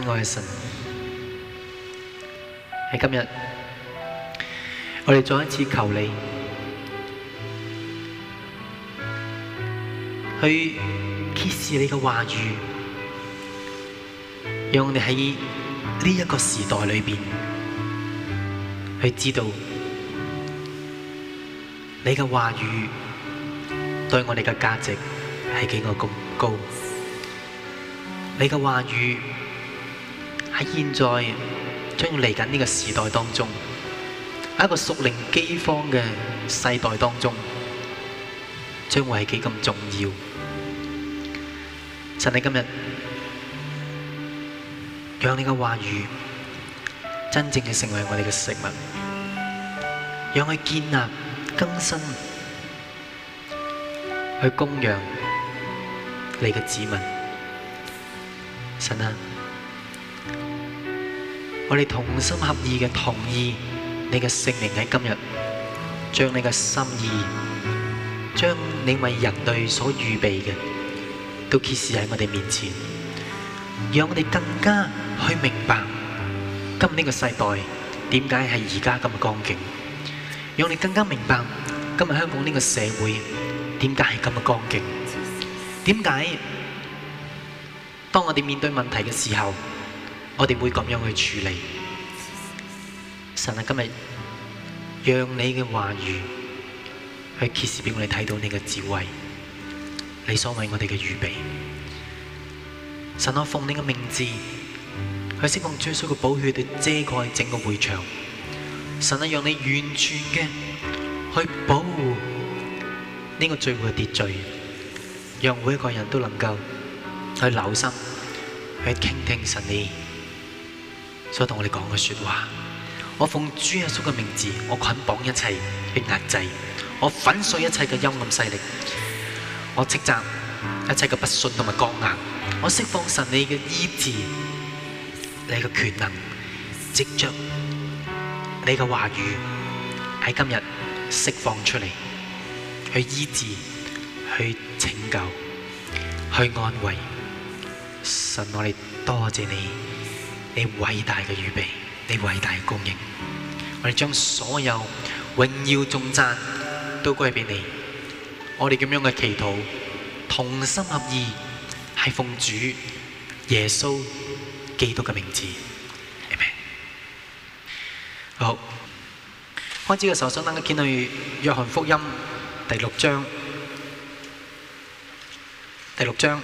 親愛的神喺今日，我哋再一次求你去揭示你嘅話語，讓我哋喺呢一個時代裏邊去知道你嘅話語對我哋嘅價值係幾個咁高，你嘅話語。喺現在將要嚟緊呢個時代當中，喺一個熟靈饑荒嘅世代當中，將會係幾咁重要？神你今日讓你嘅話語真正嘅成為我哋嘅食物，讓佢建立、更新、去供養你嘅子民，神啊！我哋同心合意嘅同意，你嘅聖靈喺今日將你嘅心意，將你為人類所預備嘅，都揭示喺我哋面前，讓我哋更加去明白，今日呢個世代點解係而家咁嘅光景，讓我哋更加明白今日香港呢個社會點解係咁嘅光景，點解當我哋面對問題嘅時候，我哋會咁樣去處理。神啊，今日讓你嘅話語去揭示畀我哋睇到你嘅智慧，你所為我哋嘅預備。神啊，奉你嘅名字去釋放主所嘅寶血去遮蓋整個會場。神啊，讓你完全嘅去保護呢個聚會嘅秩序，讓每一個人都能夠去留心去傾聽神意。所以同我哋講嘅說話，我奉主耶穌嘅名字，我捆綁一切去壓制，我粉碎一切嘅陰暗勢力，我斥責一切嘅不信同埋剛硬，我釋放神你嘅醫治，你嘅權能，藉着你嘅話語喺今日釋放出嚟，去醫治，去拯救，去安慰，神我哋多謝你。你偉大嘅預備，你偉大嘅供應，我哋將所有榮耀頌讚都歸俾你。我哋咁樣嘅祈禱，同心合意，係奉主耶穌基督嘅名字。阿門。好，開始嘅時候想等佢見到《約翰福音》第六章，第六章。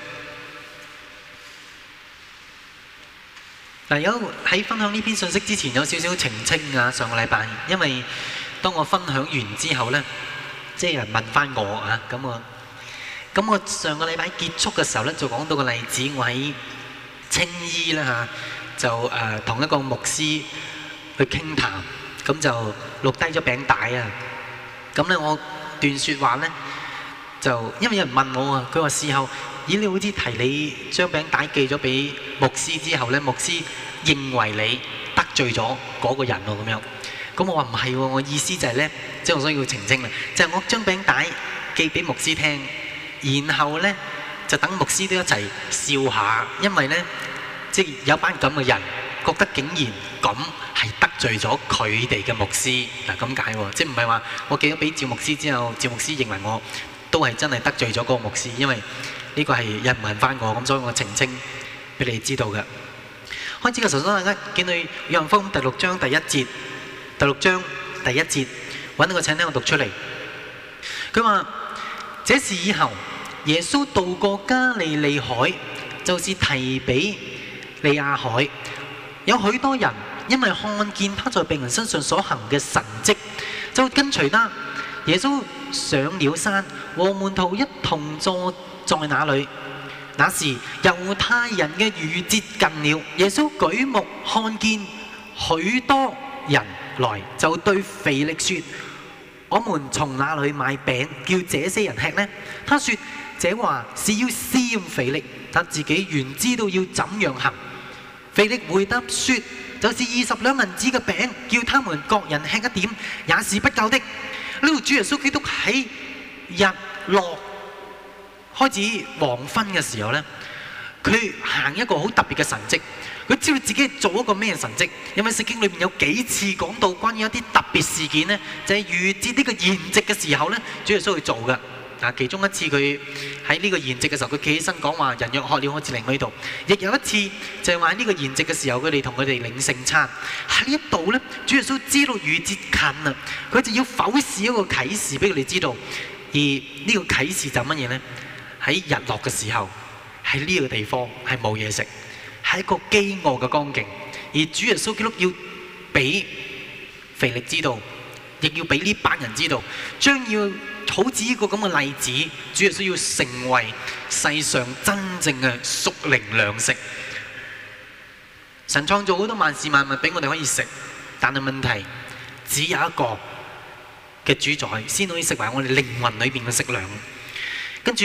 嗱，有喺分享呢篇信息之前有少少澄清啊，上個禮拜，因為當我分享完之後咧，即係問翻我啊，咁我咁我上個禮拜結束嘅時候咧，就講到個例子，我喺青衣啦嚇，就誒同一個牧師去傾談，咁就錄低咗餅帶啊，咁咧我段説話咧就因為有人問我啊，佢話事後。咦，你好似提你將餅帶寄咗俾牧師之後咧，牧師認為你得罪咗嗰個人喎咁樣。咁我話唔係，我意思就係咧，即係我想要澄清啦，就係我將餅帶寄俾牧師聽，然後咧就等牧師都一齊笑下，因為咧即係有班咁嘅人覺得竟然咁係得罪咗佢哋嘅牧師嗱，咁解喎，即係唔係話我寄咗俾趙牧師之後，趙牧師認為我都係真係得罪咗嗰個牧師，因為。呢個係有人問我，咁所以我澄清俾你知道嘅。開始嘅時候，大家見到《約翰福音》第六章第一節，第六章第一節，揾到個，請聽我讀出嚟。佢話：這事以後，耶穌渡過加利利海，就是提比利亞海。有許多人因為看見他在病人身上所行嘅神蹟，就跟隨他。耶穌上了山，和門徒一同坐。在哪裏？那時猶太人嘅逾越節接近了，耶穌舉目看見許多人來，就對腓力說：我們從哪裏買餅叫這些人吃呢？他說：這話是要試驗腓力，他自己原知道要怎樣行。腓力回答說：就是二十兩銀子嘅餅，叫他們各人吃一點，也是不夠的。呢度主耶穌基督喺日落。開始黃昏嘅時候咧，佢行一個好特別嘅神蹟，佢知道自己做一個咩神蹟，因為聖經裏邊有幾次講到關於一啲特別事件咧，就係逾越節呢個筵席嘅時候咧，主耶穌去做嘅。嗱，其中一次佢喺呢個筵席嘅時候，佢企起身講話：人若渴了，我至嚟喺度。亦有一次就係喺呢個筵席嘅時候，佢哋同佢哋領聖餐喺呢一度咧，主耶穌知道逾越節近啦，佢就要否示一個啟示俾佢哋知道，而呢個啟示就乜嘢咧？喺日落嘅時候，喺呢個地方係冇嘢食，係一個飢餓嘅光景。而主耶穌基督要俾腓力知道，亦要俾呢班人知道，將要好似一個咁嘅例子，主耶穌要成為世上真正嘅屬靈糧食。神創造好多萬事萬物俾我哋可以食，但係問題只有一個嘅主宰先可以食埋我哋靈魂裏面嘅食糧。跟住。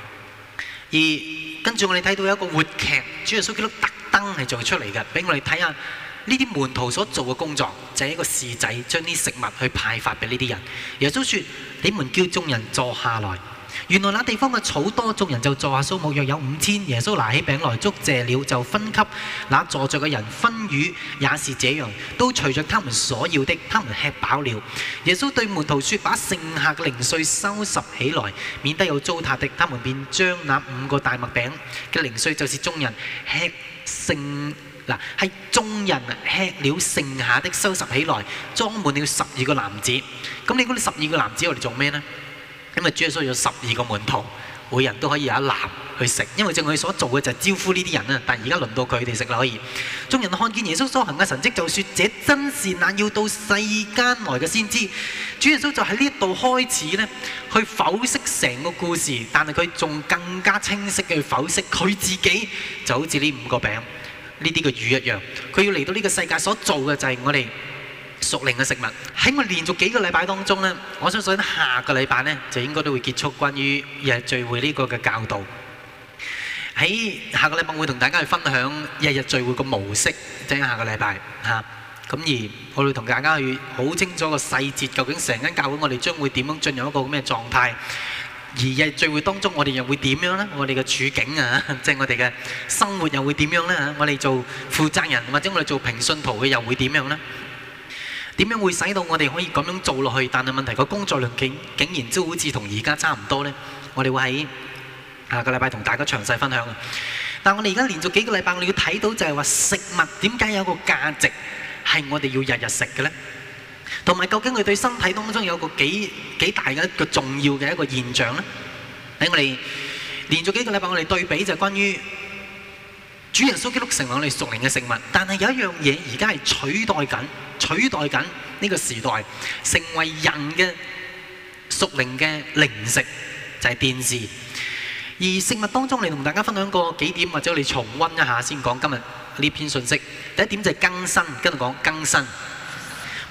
而跟住我哋睇到有一個活劇，主耶穌基督特登係做出嚟嘅，俾我哋睇下呢啲門徒所做嘅工作，就係、是、一個侍仔將啲食物去派發俾呢啲人。耶穌說：你們叫眾人坐下來。原來那地方嘅草多，眾人就坐下，數目約有五千。耶穌拿起餅來，祝謝了，就分給那坐着嘅人，分魚，也是這樣，都隨着他們所要的，他們吃飽了。耶穌對門徒説：把剩下嘅零碎收拾起來，免得有糟蹋的。他們便將那五個大麥餅嘅零碎，就是眾人吃剩，嗱係眾人吃了剩下的收拾起來，裝滿了十二個男子。咁你嗰你十二個男子我哋做咩呢？因為，主耶穌有十二個門徒，每人都可以有一籃去食，因為正佢所做嘅就係招呼呢啲人啊。但而家輪到佢哋食啦，可以眾人看見耶穌所行嘅神蹟，就說：這真是難要到世間來嘅先知。主耶穌就喺呢一度開始咧，去剖析成個故事，但係佢仲更加清晰嘅去剖析佢自己，就好似呢五個餅，呢啲嘅魚一樣，佢要嚟到呢個世界所做嘅就係我哋。屬靈嘅食物。喺我連續幾個禮拜當中咧，我相信咧，下個禮拜咧就應該都會結束關於日日聚會呢個嘅教導。喺下個禮拜會同大家去分享日日聚會嘅模式，即係下個禮拜嚇。咁而我會同大家去好清楚個細節，究竟成間教會我哋將會點樣進入一個咩狀態？而日日聚會當中我哋又會點樣咧？我哋嘅處境啊，即係我哋嘅生活又會點樣咧？嚇，我哋做負責人或者我哋做平信徒嘅又會點樣咧？點樣會使到我哋可以咁樣做落去？但係問題個工作量竟竟然都好似同而家差唔多呢，我哋會喺下個禮拜同大家詳細分享。但係我哋而家連續幾個禮拜，我哋要睇到就係話食物點解有個價值係我哋要日日食嘅呢，同埋究竟佢對身體當中有個幾幾大嘅一個重要嘅一個現象呢？喺我哋連續幾個禮拜，我哋對比就係關於。主耶穌基督成為我哋屬靈嘅食物，但係有一樣嘢而家係取代緊、取代緊呢個時代，成為人嘅屬靈嘅零食就係、是、電視。而食物當中，你同大家分享過幾點，或者我哋重温一下，先講今日呢篇信息。第一點就係更新，跟住講更新。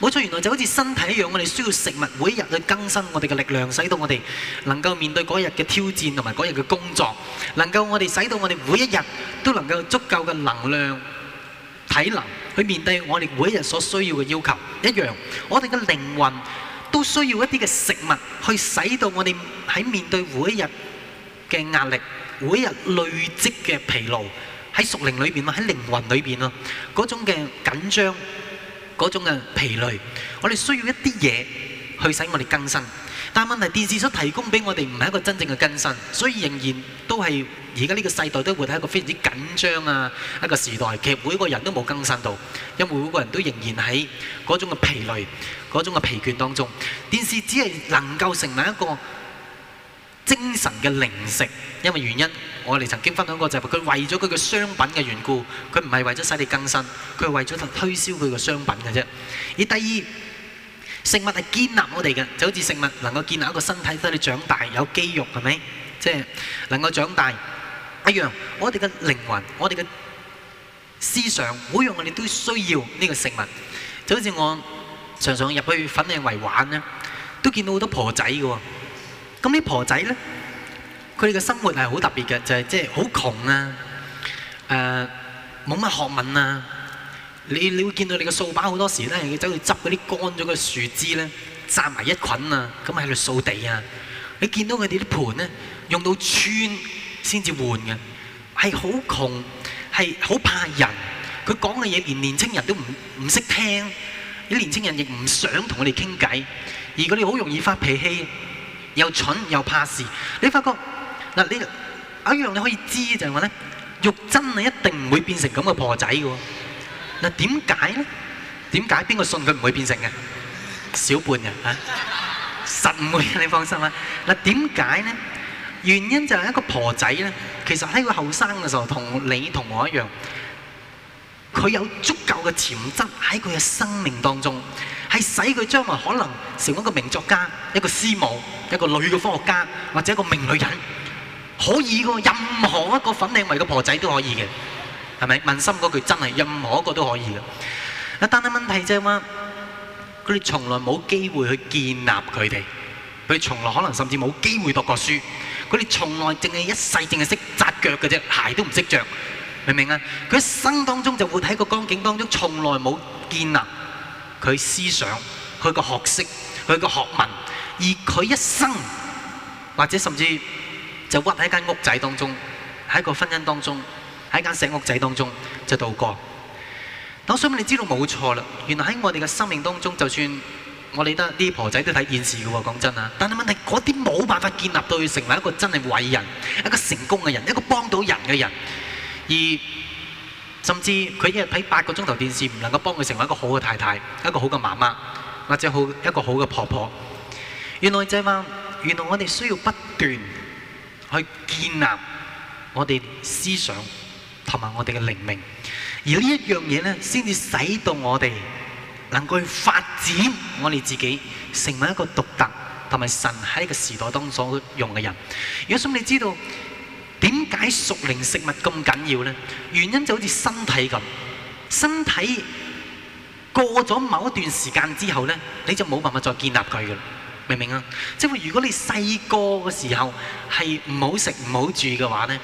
冇錯，原來就好似身體一樣，我哋需要食物，每一日去更新我哋嘅力量，使到我哋能夠面對嗰日嘅挑戰同埋嗰日嘅工作，能夠我哋使到我哋每一日都能夠有足夠嘅能量、體能去面對我哋每一日所需要嘅要求一樣。我哋嘅靈魂都需要一啲嘅食物，去使到我哋喺面對每一日嘅壓力，每一日累積嘅疲勞喺熟靈裏邊啊，喺靈魂裏邊啊，嗰種嘅緊張。嗰種嘅疲累，我哋需要一啲嘢去使我哋更新，但問題電視所提供俾我哋唔係一個真正嘅更新，所以仍然都係而家呢個世代都會係一個非常之緊張啊，一個時代，其實每個人都冇更新到，因為每個人都仍然喺嗰種嘅疲累、嗰種嘅疲倦當中，電視只係能夠成為一個，精神嘅零食，因為原因，我哋曾經分享過就係佢為咗佢嘅商品嘅緣故，佢唔係為咗使你更新，佢係為咗推銷佢嘅商品嘅啫。而第二，食物係建立我哋嘅，就好似食物能夠建立一個身體，使你長大有肌肉，係咪？即係能夠長大一樣，我哋嘅靈魂，我哋嘅思想，每樣我哋都需要呢個食物，就好似我常常入去粉嶺圍玩咧，都見到好多婆仔嘅喎。咁啲婆仔呢，佢哋嘅生活係好特別嘅，就係即係好窮啊！誒、呃，冇乜學問啊！你你會見到你嘅掃把好多時咧，要走去執嗰啲乾咗嘅樹枝咧，紮埋一捆啊！咁喺度掃地啊！你見到佢哋啲盆咧，用到穿先至換嘅，係好窮，係好怕人。佢講嘅嘢，連年輕人都唔唔識聽，啲年輕人亦唔想同佢哋傾偈。而佢哋好容易發脾氣。又蠢又怕事。你發覺嗱，你一樣你可以知就係話咧，玉真啊，一定唔會變成咁個婆仔嘅喎。嗱，點解咧？點解邊個信佢唔會變成嘅？小半人嚇，實唔會，你放心啦。嗱，點解咧？原因就係一個婆仔咧，其實喺佢後生嘅時候，同你同我一樣。佢有足夠嘅潛質喺佢嘅生命當中，係使佢將來可能成為一個名作家、一個師母、一個女嘅科學家或者一個名女人，可以嘅。任何一個粉嶺圍嘅婆仔都可以嘅，係咪？問心嗰句真係，任何一個都可以嘅。啊，但係問題就係話，佢哋從來冇機會去建立佢哋，佢哋從來可能甚至冇機會讀過書，佢哋從來淨係一世淨係識紮腳嘅啫，鞋都唔識著。明唔明啊？佢一生當中就活喺個光景當中，從來冇建立佢思想、佢個學識、佢個學問，而佢一生或者甚至就屈喺間屋仔當中，喺個婚姻當中，喺間石屋仔當中就度過。但我想問你知道冇錯啦，原來喺我哋嘅生命當中，就算我哋得啲婆仔都睇電視嘅喎，講真啊！但係問題嗰啲冇辦法建立到佢成為一個真係偉人、一個成功嘅人、一個幫到人嘅人。而甚至佢一日睇八個鐘頭電視，唔能夠幫佢成為一個好嘅太太、一個好嘅媽媽或者好一個好嘅婆婆。原來就係嘛，原來我哋需要不斷去建立我哋思想同埋我哋嘅靈命，而呢一樣嘢咧，先至使到我哋能夠去發展我哋自己，成為一個獨特同埋神喺一個時代當中所用嘅人。如果想你知道？點解熟齡食物咁緊要咧？原因就好似身體咁，身體過咗某一段時間之後咧，你就冇辦法再建立佢噶啦，明唔明啊？即係話如果你細個嘅時候係唔好食唔好住嘅話咧，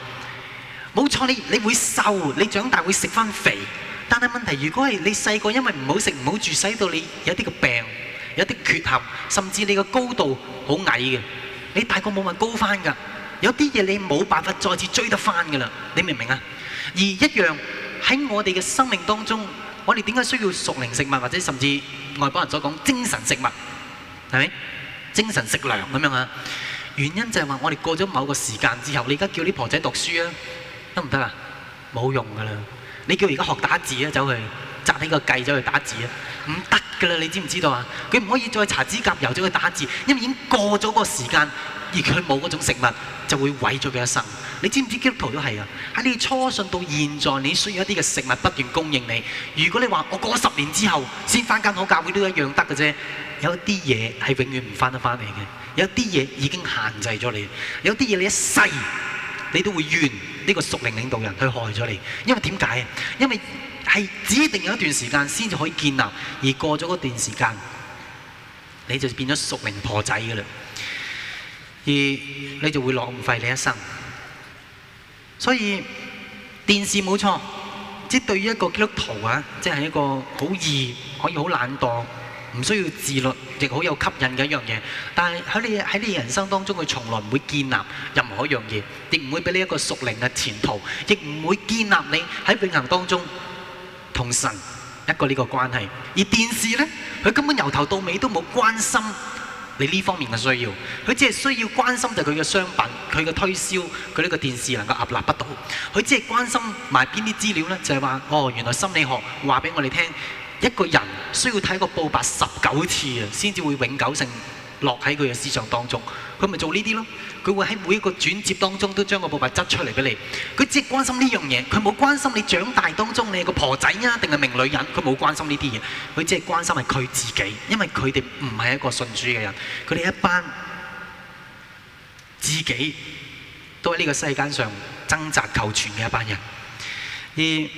冇錯，你你會瘦，你長大會食翻肥。但係問題，如果係你細個因為唔好食唔好住，使到你有啲個病，有啲缺陷，甚至你個高度好矮嘅，你大個冇乜高翻噶。有啲嘢你冇辦法再次追得翻㗎喇，你明唔明啊？而一樣喺我哋嘅生命當中，我哋點解需要屬靈食物，或者甚至外邦人所講精神食物，係咪？精神食糧咁樣啊？原因就係話我哋過咗某個時間之後，你而家叫啲婆仔讀書啊，得唔得啊？冇用㗎喇，你叫而家學打字啊，走去掙起個計走去打字啊！唔得噶啦，你知唔知道啊？佢唔可以再搽指甲油，再去打字，因為已經過咗個時間，而佢冇嗰種食物，就會毀咗佢一生。你知唔知基督徒都係啊？喺你初信到現在，你需要一啲嘅食物不斷供應你。如果你話我過咗十年之後先返間好教會都一樣得嘅啫。有啲嘢係永遠唔翻得翻嚟嘅。有啲嘢已經限制咗你。有啲嘢你一世你都會怨呢、這個屬靈領導人去害咗你。因為點解啊？因為係指定有一段時間先至可以建立，而過咗嗰段時間，你就變咗熟齡婆仔嘅啦。而你就會浪費你一生。所以電視冇錯，即、就是、對於一個基督徒啊，即、就、係、是、一個好易可以好懶惰，唔需要自律，亦好有吸引嘅一樣嘢。但係喺你喺你人生當中，佢從來唔會建立任何一樣嘢，亦唔會俾你一個熟齡嘅前途，亦唔會建立你喺永恆當中。同神一個呢個關係，而電視咧，佢根本由頭到尾都冇關心你呢方面嘅需要，佢只係需要關心就佢嘅商品、佢嘅推銷，佢呢個電視能夠屹立不倒，佢只係關心埋邊啲資料咧，就係話哦，原來心理學話俾我哋聽，一個人需要睇個報白十九次啊，先至會永久性落喺佢嘅思想當中。佢咪做呢啲咯？佢會喺每一個轉折當中，都將個布匹執出嚟俾你。佢只係關心呢樣嘢，佢冇關心你長大當中你係個婆仔啊，定係名女人。佢冇關心呢啲嘢，佢只係關心係佢自己，因為佢哋唔係一個信主嘅人，佢哋一班自己都喺呢個世界上掙扎求存嘅一班人。而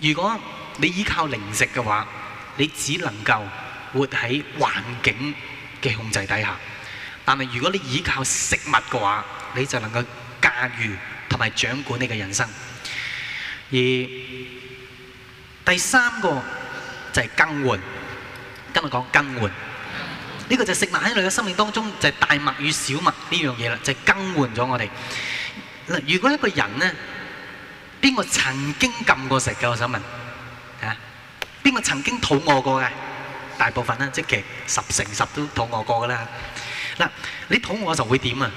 如果你依靠零食嘅話，你只能夠活喺環境嘅控制底下。但係如果你依靠食物嘅話，你就能夠駕馭同埋掌管你嘅人生。而第三個就係更換，今日講更換，呢個就係食物喺你嘅生命當中就係大麥與小麥呢樣嘢啦，就係更換咗我哋。嗱，如果一個人咧，邊個曾經禁過食嘅？我想問，啊，邊個曾經肚餓過嘅？大部分啦，即係其實十成十都肚餓過噶啦。嗱，你肚餓就會點啊？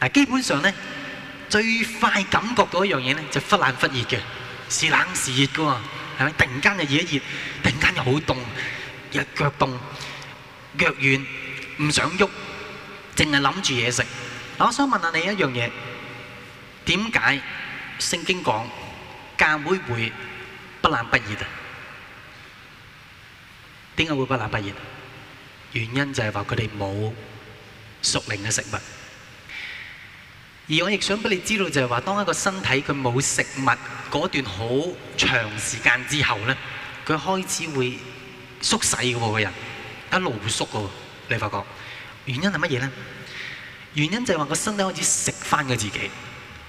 啊，基本上咧，最快感覺到一樣嘢咧，就忽冷忽熱嘅，時冷時熱嘅喎，係咪？突然間就熱一熱，突然間又好凍，又腳凍，腳軟，唔想喐，淨係諗住嘢食。嗱，我想問下你一樣嘢，點解聖經講教會會忽冷忽熱嘅？點解會忽冷忽熱？原因就係話佢哋冇熟靈嘅食物，而我亦想俾你知道就係話，當一個身體佢冇食物嗰段好長時間之後呢，佢開始會縮細嘅喎，個人一路會縮嘅喎，你發覺原因係乜嘢呢？原因就係話個身體開始食翻佢自己，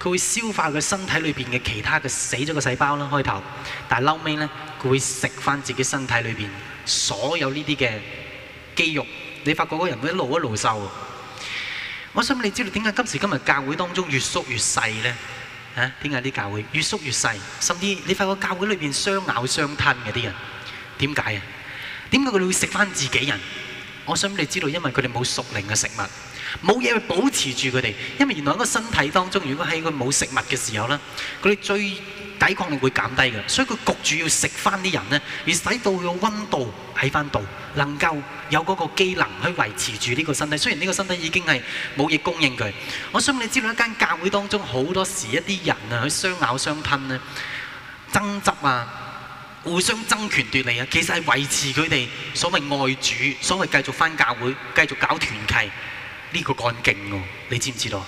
佢會消化佢身體裏邊嘅其他嘅死咗嘅細胞啦。開頭，但係嬲尾呢，佢會食翻自己身體裏邊所有呢啲嘅。肌肉，你發覺嗰人會一路一路瘦。我想你知道點解今時今日教會當中越縮越細咧？嚇，點解啲教會越縮越細？甚至你發覺教會裏邊相咬相吞嘅啲人，點解啊？點解佢哋會食翻自己人？我想你知道，因為佢哋冇屬靈嘅食物，冇嘢去保持住佢哋。因為原來喺個身體當中，如果喺佢冇食物嘅時候咧，佢哋最抵抗力會減低嘅，所以佢焗住要食翻啲人呢，而使到佢個溫度喺翻度，能夠有嗰個機能去維持住呢個身體。雖然呢個身體已經係冇嘢供應佢。我想你知道一間教會當中好多時一啲人啊，佢相咬相噴咧，爭執啊，互相爭權奪利啊，其實係維持佢哋所謂愛主、所謂繼續翻教會、繼續搞團契呢個幹勁喎。你知唔知道？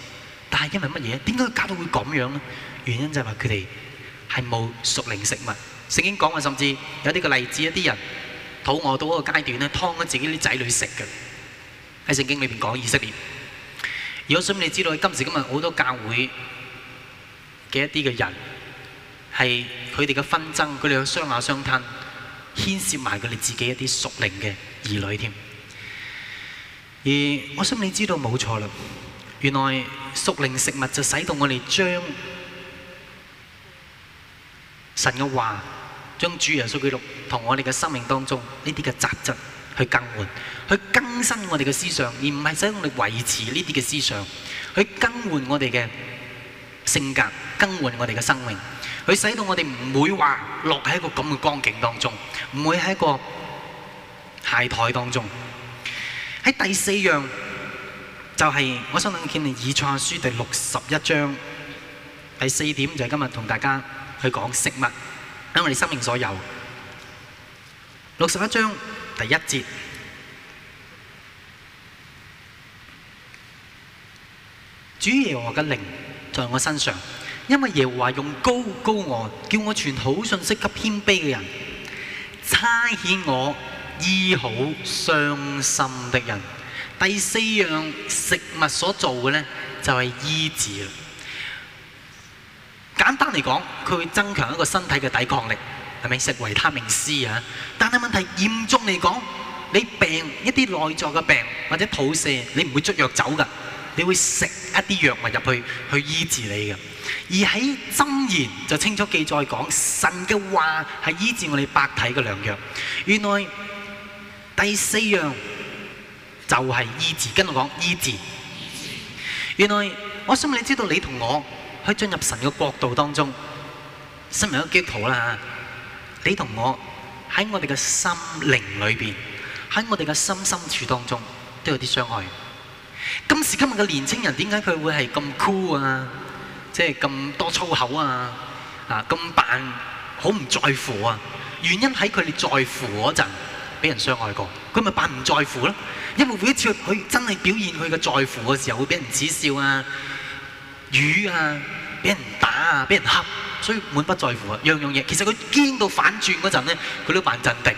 但係因為乜嘢？點解搞到會咁樣呢？原因就係話佢哋。係冇屬靈食物，聖經講話甚至有啲嘅例子，一啲人肚餓到一個階段咧，劏咗自己啲仔女食嘅，喺聖經裏邊講以色列。如果想你知道，今時今日好多教會嘅一啲嘅人，係佢哋嘅紛爭，佢哋嘅相咬相吞，牽涉埋佢哋自己一啲屬靈嘅兒女添。而我想你知道冇錯啦，原來屬靈食物就使到我哋將。神嘅話，將主耶穌基督同我哋嘅生命當中呢啲嘅雜質去更換，去更新我哋嘅思想，而唔係使我哋維持呢啲嘅思想，去更換我哋嘅性格，更換我哋嘅生命，去使到我哋唔會話落喺一個咁嘅光景當中，唔會喺一個懈怠當中。喺第四樣就係我想紀念以賽書第六十一章第四點就係今日同大家。去講食物喺我哋生命所有，六十一章第一節，主耶和華嘅靈在我身上，因為耶和華用膏膏我，叫我傳好信息給謙卑嘅人，差遣我醫好傷心的人。第四樣食物所做嘅呢，就係、是、醫治。簡單嚟講，佢會增強一個身體嘅抵抗力，係咪？食維他命 C 啊！但係問題嚴重嚟講，你病一啲內臟嘅病或者肚瀉，你唔會捉藥走㗎，你會食一啲藥物入去去醫治你㗎。而喺《箴言》就清楚記載講，神嘅話係醫治我哋百體嘅良藥。原來第四樣就係醫治，跟我講醫治。原來我想你知道你同我。可以進入神嘅國度當中。基督徒啦，你同我喺我哋嘅心靈裏邊，喺我哋嘅心深處當中，都有啲傷害。今時今日嘅年青人點解佢會係咁 cool 啊？即係咁多粗口啊！啊，咁扮好唔在乎啊？原因喺佢哋在乎嗰陣，俾人傷害過，佢咪扮唔在乎咯？因為每一次佢真係表現佢嘅在乎嘅時候，會俾人指笑啊！雨啊，俾人打啊，俾人黑，所以滿不在乎啊，樣樣嘢。其實佢驚到反轉嗰陣呢，佢都扮鎮定。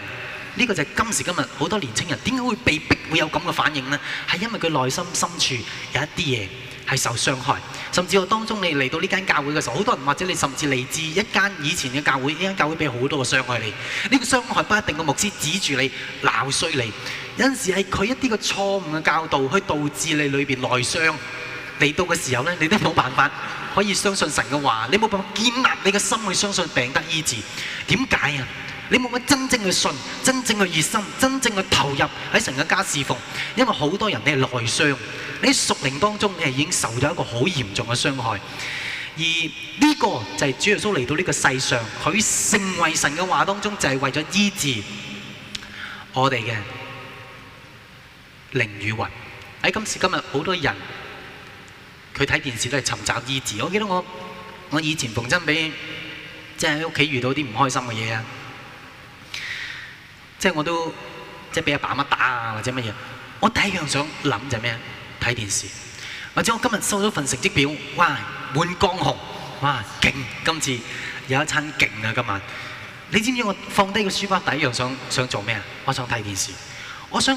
呢、這個就係今時今日好多年青人點解會被逼會有咁嘅反應呢？係因為佢內心深處有一啲嘢係受傷害，甚至我當中你嚟到呢間教會嘅時候，好多人或者你甚至嚟自一間以前嘅教會，呢間教會俾好多個傷害你。呢、這個傷害不一定個牧師指住你鬧衰你，有陣時係佢一啲個錯誤嘅教導去導致你裏邊內傷。嚟到嘅時候咧，你都冇辦法可以相信神嘅話，你冇辦法建立你嘅心去相信病得醫治。點解啊？你冇乜真正嘅信，真正嘅熱心，真正嘅投入喺神嘅家侍奉。因為好多人你係內傷，你喺屬靈當中你係已經受咗一個好嚴重嘅傷害。而呢個就係主耶穌嚟到呢個世上，佢成為神嘅話當中就係為咗醫治我哋嘅靈與魂。喺今時今日，好多人，去睇電視都係尋找醫治。我記得我我以前逢親俾，即係喺屋企遇到啲唔開心嘅嘢啊，即係我都即係俾阿爸阿媽打啊或者乜嘢，我第一樣想諗就係咩？睇電視。或者我今日收咗份成績表，哇！滿江紅，哇！勁，今次有一餐勁啊今晚。你知唔知我放低個書包第一樣想想做咩啊？我想睇電視，我想。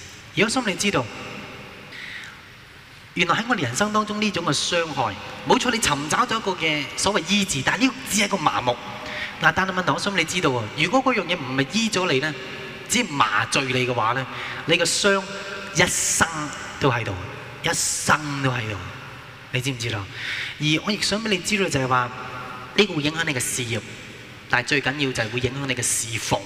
如果想你知道，原來喺我哋人生當中呢種嘅傷害，冇錯，你尋找咗一個嘅所謂醫治，但係呢只係一個麻木。但單問頭，我想你知道如果嗰樣嘢唔係醫咗你咧，只係麻醉你嘅話咧，你個傷一生都喺度，一生都喺度。你知唔知道？而我亦想俾你知道就係話，呢、這個會影響你嘅事業，但係最緊要就係會影響你嘅事奉。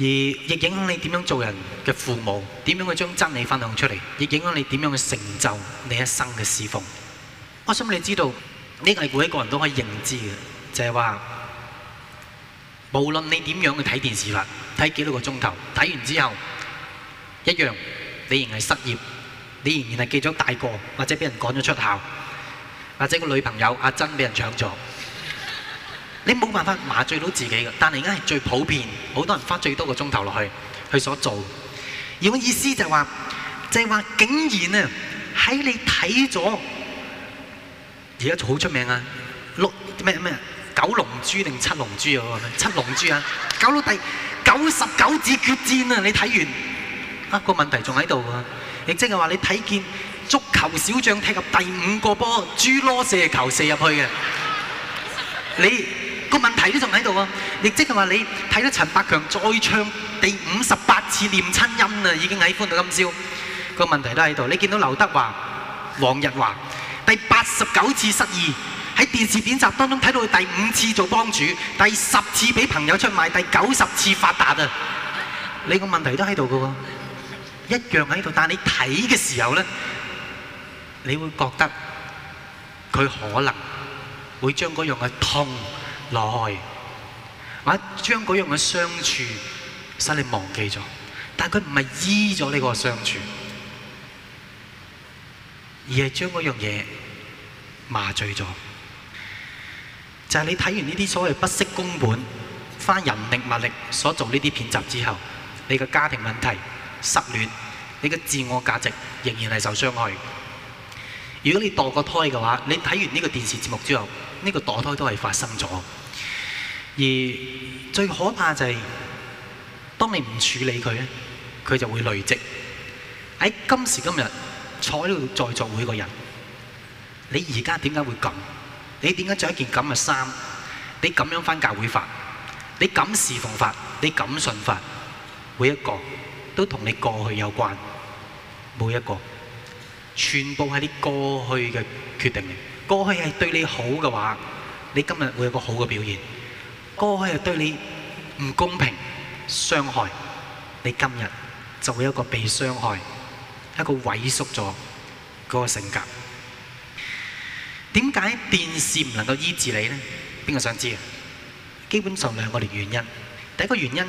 而亦影響你點樣做人嘅父母，點樣去將真理分享出嚟，亦影響你點樣去成就你一生嘅侍奉。我想你知道呢個係每一個人都可以認知嘅，就係話無論你點樣去睇電視啦，睇幾多個鐘頭，睇完之後一樣你仍係失業，你仍然係記咗大過，或者俾人趕咗出校，或者個女朋友阿珍俾人搶咗。你冇辦法麻醉到自己嘅，但係而家係最普遍，好多人花最多個鐘頭落去，去所做。而我意思就話、是，就係、是、話竟然啊，喺你睇咗而家好出名啊，六咩咩九龍珠定七龍珠啊？七龍珠啊，搞到第九十九次決戰啊！你睇完啊個問題仲喺度啊！亦即係話你睇見足球小將踢入第五個波，豬羅射球射入去嘅，你。個問題都仲喺度喎，亦即係話你睇到陳百強再唱第五十八次《念親恩》啊，已經喺歡樂今宵。個問題都喺度，你見到劉德華、黃日華第八十九次失意，喺電視片集當中睇到佢第五次做幫主，第十次俾朋友出賣，第九十次發達啊！你個問題都喺度嘅喎，一樣喺度。但係你睇嘅時候咧，你會覺得佢可能會將嗰樣嘅痛。嚟，或者將嗰樣嘅傷處使你忘記咗，但佢唔係醫咗呢個傷處，而係將嗰樣嘢麻醉咗。就係、是、你睇完呢啲所謂不惜工本、翻人力物力所做呢啲片集之後，你嘅家庭問題、失戀，你嘅自我價值仍然係受傷害。如果你墮過胎嘅話，你睇完呢個電視節目之後。呢個墮胎都係發生咗，而最可怕就係當你唔處理佢咧，佢就會累積。喺今時今日坐喺度在座每個人，你而家點解會咁？你點解著一件咁嘅衫？你咁樣返教會法，你咁事奉法，你咁信法，每一個都同你過去有關，每一個全部係你過去嘅決定嚟。過去係對你好嘅話，你今日會有個好嘅表現；過去係對你唔公平、傷害，你今日就會有一個被傷害、一個萎縮咗嗰個性格。點解電視唔能夠醫治你呢？邊個想知啊？基本上兩個嚟原因。第一個原因，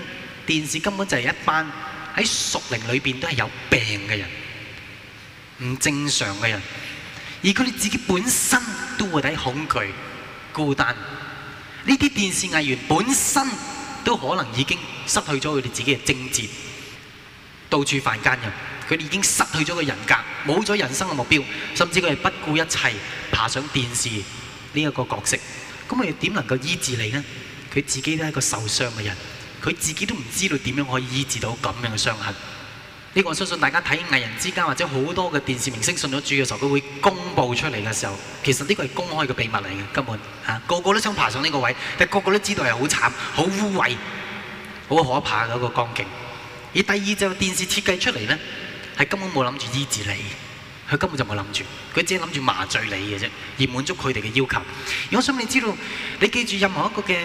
電視根本就係一班喺熟齡裏面都係有病嘅人，唔正常嘅人。而佢哋自己本身都會喺恐懼、孤單。呢啲電視藝員本身都可能已經失去咗佢哋自己嘅正直，到處犯奸淫。佢哋已經失去咗個人格，冇咗人生嘅目標，甚至佢係不顧一切爬上電視呢一個角色。咁佢又點能夠醫治你呢？佢自己都係一個受傷嘅人，佢自己都唔知道點樣可以醫治到咁樣嘅傷痕。呢個我相信大家睇藝人之間或者好多嘅電視明星信咗主嘅時候，佢會公佈出嚟嘅時候，其實呢個係公開嘅秘密嚟嘅，根本嚇、啊、個個都想爬上呢個位，但係個個都知道係好慘、好污穢、好可怕嘅一個光景。而第二就是，電視設計出嚟呢，係根本冇諗住醫治你，佢根本就冇諗住，佢只係諗住麻醉你嘅啫，而滿足佢哋嘅要求。如果想你知道，你記住任何一個嘅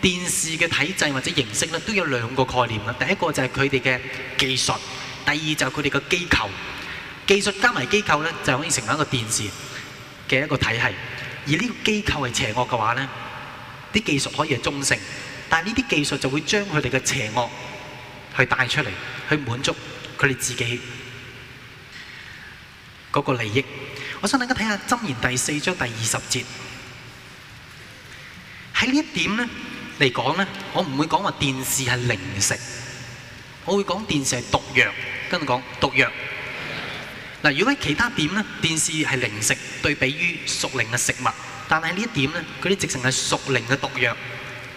電視嘅體制或者形式呢，都有兩個概念。第一個就係佢哋嘅技術。第二就係佢哋個機構，技術加埋機構呢，就可以成為一個電視嘅一個體系。而呢個機構係邪惡嘅話，呢啲技術可以係中性，但係呢啲技術就會將佢哋嘅邪惡去帶出嚟，去滿足佢哋自己嗰個利益。我想大家睇下《箴言》第四章第二十節，喺呢一點呢嚟講呢，我唔會講話電視係零食，我會講電視係毒藥。跟住講毒藥嗱，如果喺其他點咧，電視係零食對比於屬靈嘅食物，但係呢一點咧，佢啲直情係屬靈嘅毒藥，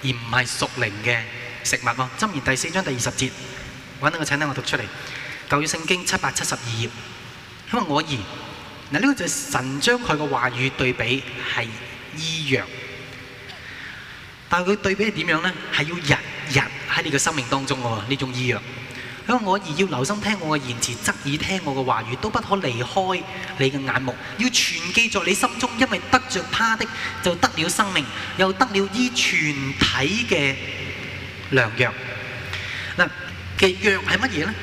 而唔係屬靈嘅食物喎。箴言第四章第二十節，揾到我請咧，等我讀出嚟，舊約聖經七百七十二頁，因為我言嗱，呢個就係神將佢嘅話語對比係醫藥，但係佢對比係點樣咧？係要日日喺你嘅生命當中喎，呢種醫藥。喺我而要留心聽我嘅言辭，側耳聽我嘅話語，都不可離開你嘅眼目，要存記在你心中，因為得着他的就得了生命，又得了醫全體嘅良藥。嗱，其藥係乜嘢呢？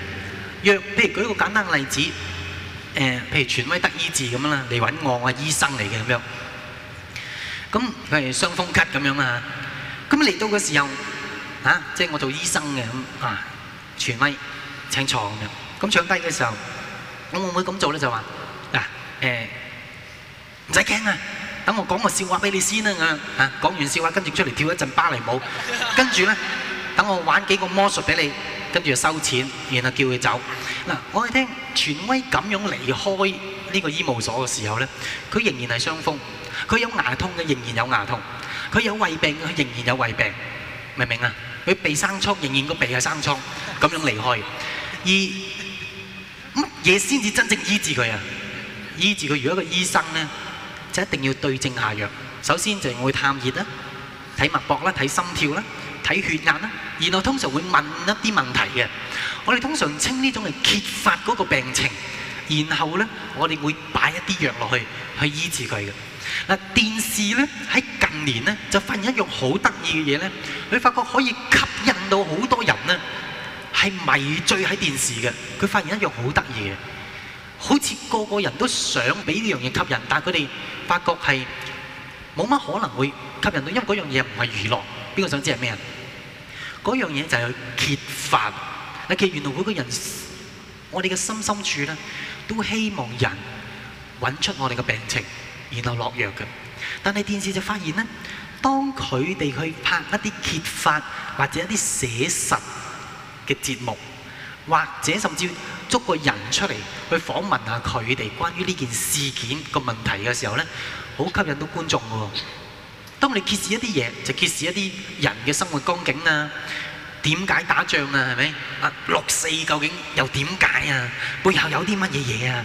藥，譬如舉一個簡單嘅例子，誒，譬如權威得醫治咁啦，嚟揾我，我醫生嚟嘅咁樣。咁譬如傷風咳咁樣啦，咁嚟到嘅時候，啊，即係我做醫生嘅咁啊。權威請坐嘅，咁唱低嘅時候，我會唔會咁做咧？就話嗱，誒，唔使驚啊，等我講個笑話俾你先啊，吓，講完笑話跟住出嚟跳一陣芭蕾舞，跟住咧，等我玩幾個魔術俾你，跟住就收錢，然後叫佢走。嗱，我哋聽權威咁樣離開呢個醫務所嘅時候咧，佢仍然係傷風，佢有牙痛嘅仍然有牙痛，佢有胃病嘅佢仍然有胃病，明唔明啊？佢鼻生瘡，仍然個鼻係生瘡，咁樣離開。而乜嘢先至真正醫治佢啊？醫治佢如果一個醫生咧，就一定要對症下藥。首先就係會探熱啦，睇脈搏啦，睇心跳啦，睇血壓啦。然後通常會問一啲問題嘅。我哋通常稱呢種係揭發嗰個病情。然後咧，我哋會擺一啲藥落去去醫治佢嘅。嗱，電視咧喺近年咧就發現一樣好得意嘅嘢咧，佢發覺可以吸引到好多人咧，係迷醉喺電視嘅。佢發現一樣好得意嘅，好似個個人都想俾呢樣嘢吸引，但係佢哋發覺係冇乜可能會吸引到，因為嗰樣嘢唔係娛樂，邊個想知係咩啊？嗰樣嘢就係揭發。嗱，其實原來嗰個人，我哋嘅心深處咧。都希望人揾出我哋嘅病情，然後落藥嘅。但係電視就發現咧，當佢哋去拍一啲揭發或者一啲寫實嘅節目，或者甚至捉個人出嚟去訪問下佢哋關於呢件事件個問題嘅時候咧，好吸引到觀眾嘅。當你揭示一啲嘢，就揭示一啲人嘅生活光景啊。點解打仗啊？係咪啊？六四究竟又點解啊？背後有啲乜嘢嘢啊？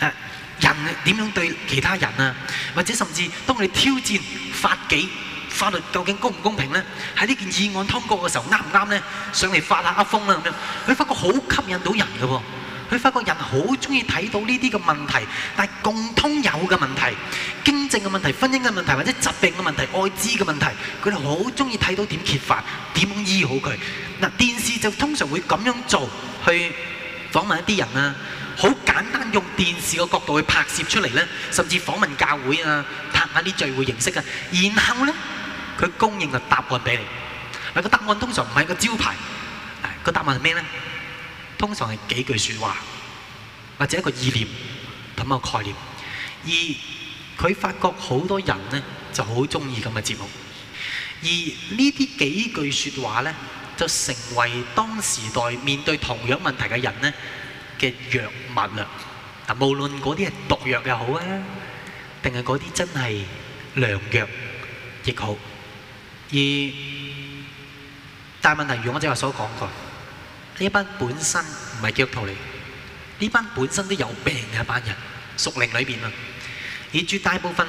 誒、啊、人點樣對其他人啊？或者甚至當你挑戰法紀法律，究竟公唔公平咧？喺呢件議案通過嘅時候啱唔啱咧？上嚟發下噏風啦咁樣，佢發覺好吸引到人㗎喎、啊。佢發覺人好中意睇到呢啲嘅問題，但係共通有嘅問題、經濟嘅問題、婚姻嘅問題，或者疾病嘅問題、愛滋嘅問題，佢哋好中意睇到點揭發、點樣醫好佢。嗱，電視就通常會咁樣做，去訪問一啲人啦，好簡單用電視個角度去拍攝出嚟咧，甚至訪問教會啊，拍下啲聚會形式啊，然後咧佢供應個答案俾你。嗱，個答案通常唔係個招牌，個答案係咩咧？通常係幾句説話，或者一個意念咁嘅概念，而佢發覺好多人呢就好鍾意咁嘅節目，而呢啲幾句説話呢就成為當時代面對同樣問題嘅人呢嘅藥物啦。嗱，無論嗰啲係毒藥又好啊，定係嗰啲真係良藥亦好，而但係問題如我正話所講過。呢一班本身唔係基督徒嚟，呢班本身都有病嘅一班人，屬靈裏邊啦。而絕大部分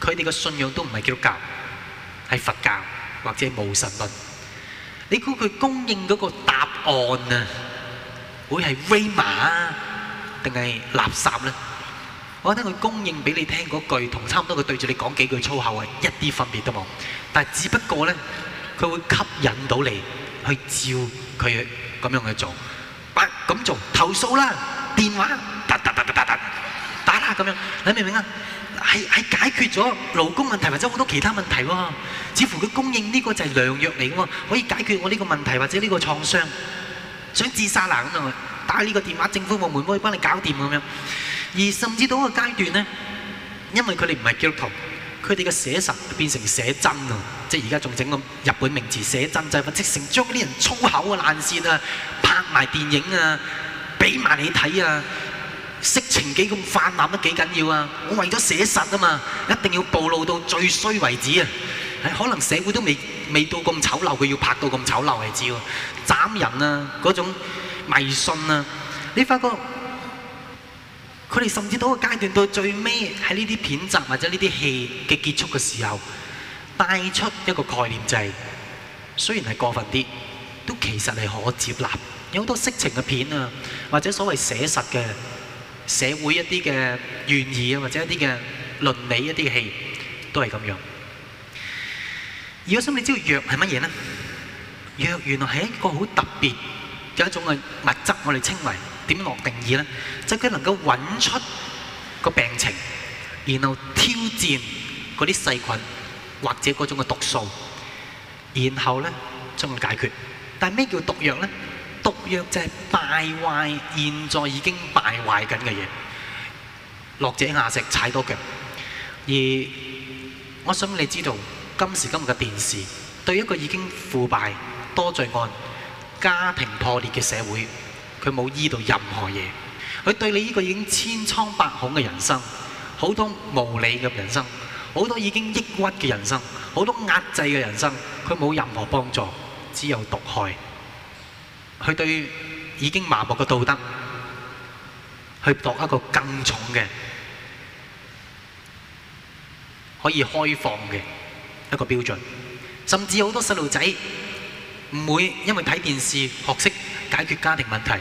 佢哋嘅信仰都唔係基督教，係佛教或者無神論。你估佢供應嗰個答案啊，會係威瑪定係垃圾咧？我覺得佢供應俾你聽嗰句，同差唔多佢對住你講幾句粗口啊，一啲分別都冇，但係只不過咧，佢會吸引到你。去照佢咁樣去做，啊咁做投訴啦，電話打打打打打打，打啦咁樣，你明唔明啊？係係解決咗勞工問題或者好多其他問題喎，似乎佢供應呢個就係良藥嚟嘅喎，可以解決我呢個問題或者呢個創傷，想自殺啦咁啊，打呢個電話，政府部門可以幫你搞掂咁樣，而甚至到一個階段咧，因為佢哋唔係叫圖，佢哋嘅寫實變成寫真啊。即而家仲整個日本名詞寫真際，或即成將啲人粗口啊、爛線啊拍埋電影啊，俾埋你睇啊！色情幾咁泛濫都幾緊要啊！我為咗寫實啊嘛，一定要暴露到最衰為止啊！係、哎、可能社會都未未到咁醜陋，佢要拍到咁醜陋為止喎！斬人啊，嗰種迷信啊，你發覺佢哋甚至到個階段，到最尾喺呢啲片集或者呢啲戲嘅結束嘅時候。帶出一個概念就係，雖然係過分啲，都其實係可接納。有好多色情嘅片啊，或者所謂寫實嘅社會一啲嘅懸疑啊，或者一啲嘅倫理一啲嘅戲，都係咁樣。如果心你知道藥係乜嘢咧？藥原來係一個好特別嘅一種嘅物質，我哋稱為點落定義咧，就係佢能夠揾出個病情，然後挑戰嗰啲細菌，或者嗰種嘅毒素，然後咧將佢解決。但係咩叫毒藥咧？毒藥就係敗壞現在已經敗壞緊嘅嘢，落井下石踩多腳。而我想你知道，今時今日嘅電視對一個已經腐敗、多罪案、家庭破裂嘅社會，佢冇醫到任何嘢。佢對你呢個已經千瘡百孔嘅人生，好多無理嘅人生。好多已經抑鬱嘅人生，好多壓制嘅人生，佢冇任何幫助，只有毒害。佢對已經麻木嘅道德，去度一個更重嘅可以開放嘅一個標準。甚至好多細路仔唔會因為睇電視學識解決家庭問題，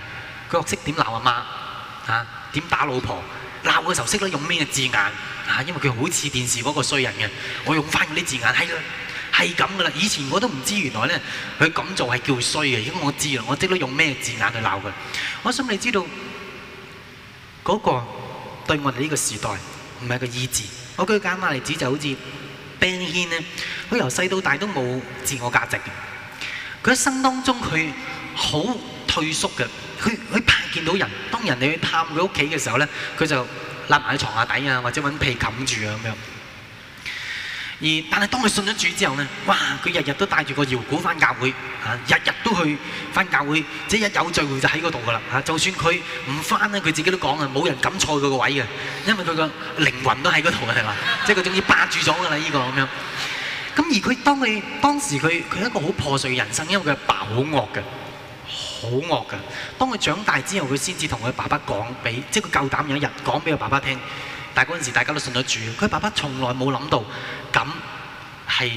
佢學識點鬧阿媽，嚇點打老婆。鬧嘅時候識得用咩字眼啊？因為佢好似電視嗰個衰人嘅，我用翻嗰啲字眼係啦，係咁噶啦。以前我都唔知，原來咧佢咁做係叫衰嘅。而家我知啦，我識得用咩字眼去鬧佢。我想你知道嗰個對我哋呢個時代唔係個意志。我舉簡單例子就好似 Ben Hien 咧，佢由細到大都冇自我價值嘅，佢一生當中佢好退縮嘅。佢佢怕見到人，當人哋去探佢屋企嘅時候咧，佢就立埋喺床下底啊，或者揾被冚住啊咁樣。而但係當佢信咗主之後咧，哇！佢日日都帶住個搖鼓返教會，嚇日日都去返教會，即係一有聚會就喺嗰度噶啦，嚇、啊！就算佢唔返咧，佢自己都講啊，冇人敢坐佢個位嘅，因為佢個靈魂都喺嗰度嘅係嘛？ 即係佢終於霸住咗噶啦，呢個咁樣。咁而佢當佢當時佢佢係一個好破碎嘅人生，因為佢係爸好惡嘅。好惡㗎！當佢長大之後，佢先至同佢爸爸講俾，即係佢夠膽有一日講俾佢爸爸聽。但係嗰陣時，大家都信咗主。佢爸爸從來冇諗到咁係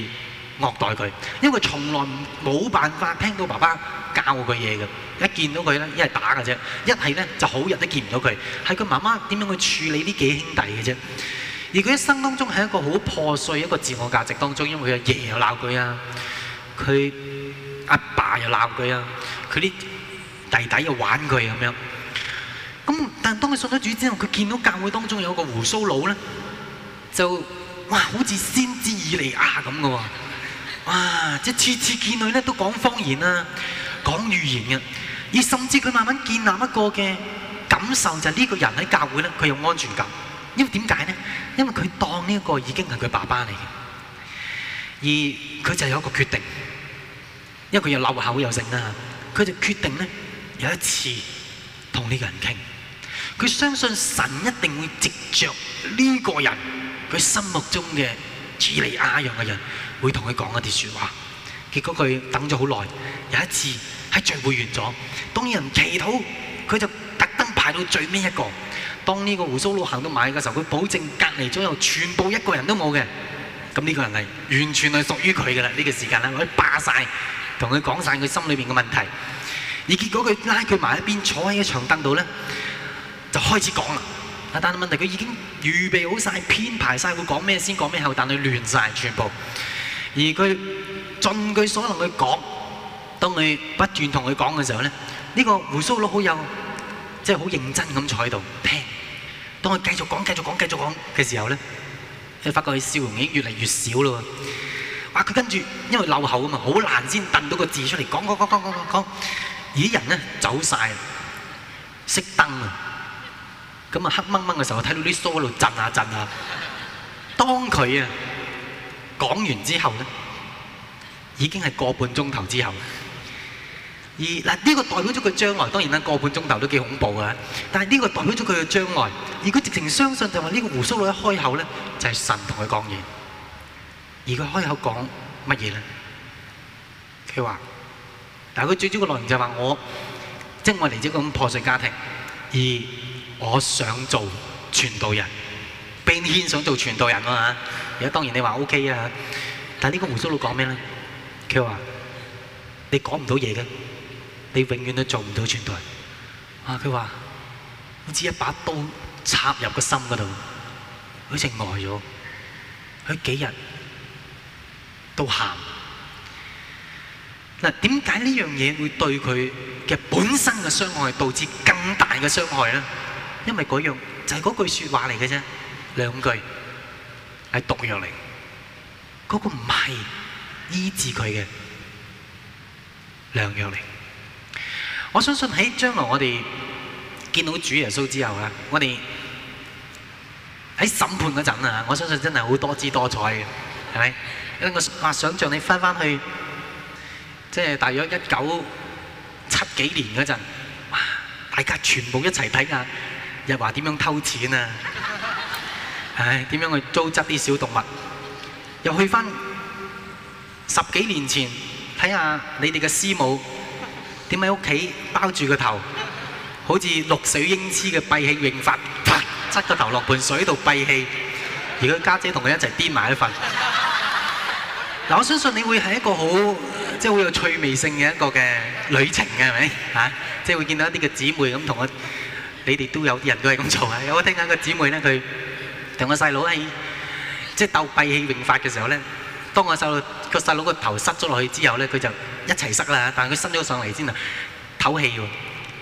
惡待佢，因為從來冇辦法聽到爸爸教佢嘢嘅。一見到佢咧，一係打㗎啫，一係咧就好日都見唔到佢。係佢媽媽點樣去處理呢幾兄弟嘅啫？而佢一生當中係一個好破碎一個自我價值當中，因為佢阿爺又鬧佢啊，佢阿爸又鬧佢啊，佢啲。弟弟又玩佢咁樣，咁但係當佢信咗主之後，佢見到教會當中有個胡鬚佬咧，就哇好似先知以利亞咁嘅喎，哇即係次次見佢咧都講方言啊，講預言嘅，啊，而甚至佢慢慢建立一個嘅感受就係呢個人喺教會咧，佢有安全感，因為點解咧？因為佢當呢一個已經係佢爸爸嚟嘅，而佢就有一個決定，因為佢又留口又剩啊，佢就決定咧。有一次同呢個人傾，佢相信神一定會藉著呢個人，佢心目中嘅以利亞樣嘅人，會同佢講一啲説話。結果佢等咗好耐，有一次喺聚會完咗，當人祈禱，佢就特登排到最尾一個。當呢個胡鬚佬行到埋嘅時候，佢保證隔離左右全部一個人都冇嘅。咁呢個人係完全係屬於佢噶啦，呢、這個時間咧可以霸晒同佢講晒佢心裏邊嘅問題。而結果佢拉佢埋一邊，坐喺個長凳度咧，就開始講啦。但係問題，佢已經預備好晒編排晒會講咩先，講咩後，但係亂晒全部。而佢盡佢所能去講，當佢不斷同佢講嘅時候咧，呢、呢個鬍鬚佬好友即係好認真咁坐喺度聽。當佢繼續講、繼續講、繼續講嘅時候咧，佢發覺佢笑容已經越嚟越少咯。哇！佢跟住因為漏口啊嘛，好難先掟到個字出嚟，講講講講講講講。咦，人咧走曬，熄燈啊！咁啊黑掹掹嘅時候睇到啲鬚佬震下震啊！當佢啊講完之後咧，已經係個半鐘頭之後。而嗱，呢個代表咗佢將來，當然啦，個半鐘頭都幾恐怖㗎。但係呢個代表咗佢嘅將來。而佢直情相信就話呢個鬍鬚佬一開口咧，就係神同佢講嘢。而佢開口講乜嘢咧？佢話。但係佢最主要嘅內容就話我，即係我嚟自一個破碎家庭，而我想做傳道人，Benius 想做傳道人嘛嚇，而家當然你話 O K 啊，但係呢個胡鬚佬講咩咧？佢話你講唔到嘢嘅，你永遠都做唔到傳道人。啊！佢話好似一把刀插入個心嗰度，佢靜呆咗，佢幾日都喊。嗱，點解呢樣嘢會對佢嘅本身嘅傷害導致更大嘅傷害咧？因為嗰樣就係、是、嗰句説話嚟嘅啫，兩句係毒藥嚟，嗰、那個唔係醫治佢嘅良藥嚟。我相信喺將來我哋見到主耶穌之後咧，我哋喺審判嗰陣啊，我相信真係好多姿多彩嘅，係咪？因我話想像你翻翻去。即係大約一九七幾年嗰陣，哇！大家全部一齊睇下日華點樣偷錢啊！唉，點樣去糟質啲小動物？又去翻十幾年前睇下你哋嘅師母點喺屋企包住個頭，好似綠水英姿嘅閉氣泳法，七個頭落盆水度閉氣，而家家姐同佢一齊癲埋一份，嗱，我相信你會係一個好。即係好有趣味性嘅一個嘅旅程嘅係咪？嚇！即係會見到一啲嘅姊妹咁同我，你哋都有啲人都係咁做啊！我聽緊個姊妹咧，佢同個細佬喺即係鬥閉氣泳法嘅時候咧，當我細佬細佬個頭塞咗落去之後咧，佢就一齊塞啦，但係佢伸咗上嚟先啊，唞氣喎。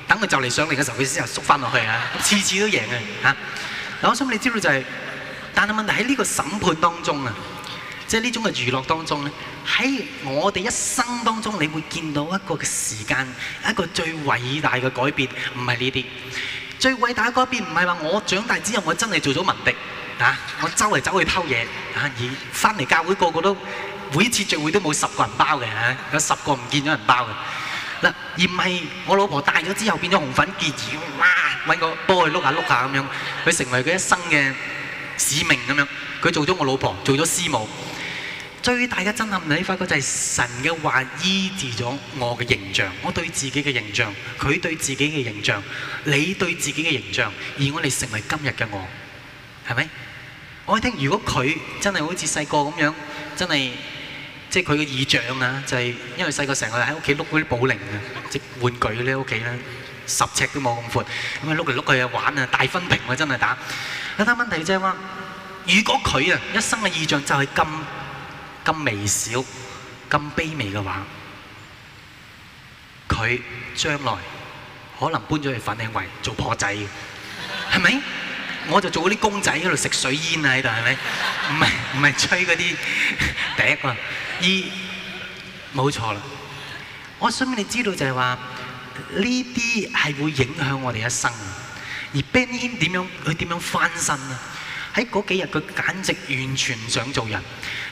等佢就嚟上嚟嘅時候，佢先又縮翻落去啊！次次都贏啊！嚇！但，我想你知道就係，但係問題喺呢個審判當中啊。即係呢種嘅娛樂當中咧，喺我哋一生當中，你會見到一個嘅時間，一個最偉大嘅改變，唔係呢啲最偉大嘅改變，唔係話我長大之後我真係做咗文迪啊，我周圍走去偷嘢啊，而翻嚟教會個個都每一次聚會都冇十個人包嘅，有十個唔見咗人包嘅嗱，而唔係我老婆大咗之後變咗紅粉結兒，哇揾個波去碌下碌下咁樣，佢成為佢一生嘅使命咁樣，佢做咗我老婆，做咗師母。最大嘅震撼，你發覺就係神嘅話醫治咗我嘅形象，我對自己嘅形象，佢對自己嘅形象，你對自己嘅形象，而我哋成為今日嘅我，係咪？我聽，如果佢真係好似細個咁樣，真係即係佢嘅意象啊，就係因為細個成日喺屋企碌嗰啲保齡啊，即係玩具咧，屋企咧十尺都冇咁闊咁樣碌嚟碌去啊，玩啊大分屏啊，真係打。有啲問題即係話，如果佢啊一生嘅意象就係咁。咁微小、咁卑微嘅話，佢將來可能搬咗去粉嶺圍做破仔，係咪？ 我就做嗰啲公仔喺度食水煙啊，喺度係咪？唔係唔係吹嗰啲第一啦，二冇錯啦。我想俾你知道就係話，呢啲係會影響我哋一生的。而 Benny 點樣佢點樣翻身啊？喺嗰幾日，佢簡直完全唔想做人。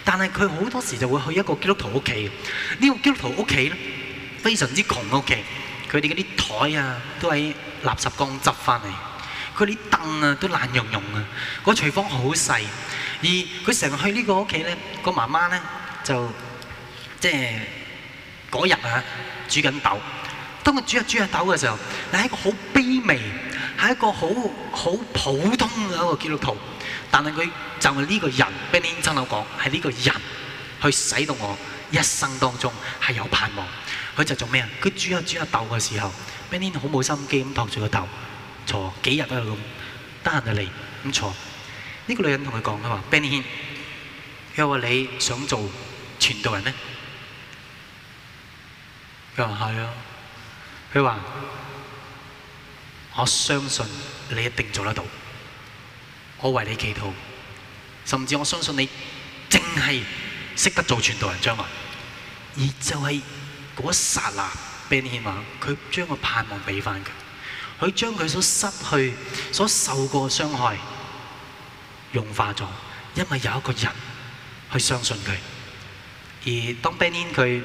但係佢好多時就會去一個基督徒屋企。呢個基督徒屋企咧，非常之窮嘅屋企。佢哋嗰啲枱啊，都喺垃圾缸執翻嚟。佢啲凳啊，都爛溶溶啊。個廚房好細。而佢成日去呢個屋企咧，個媽媽咧就即係嗰日啊，煮緊豆。當佢煮啊煮啊豆嘅時候，係一個好卑微，係一個好好普通嘅一個基督徒。但係佢就係呢個人，Benjamin 親口講係呢個人，去使到我一生當中係有盼望。佢就做咩啊？佢轉一轉一竇嘅時候，Benjamin 好冇心機咁托住個頭坐幾日喺度咁，得閒就嚟咁坐。呢個女人同佢講啊嘛，Benjamin，佢話你想做傳道人咩？佢話係啊，佢話我相信你一定做得到。我為你祈禱，甚至我相信你，淨係識得做傳道人。將來而就係嗰一剎那，Benin 話：佢將個盼望俾翻佢，佢將佢所失去、所受過嘅傷害融化咗，因為有一個人去相信佢。而當 Benin 佢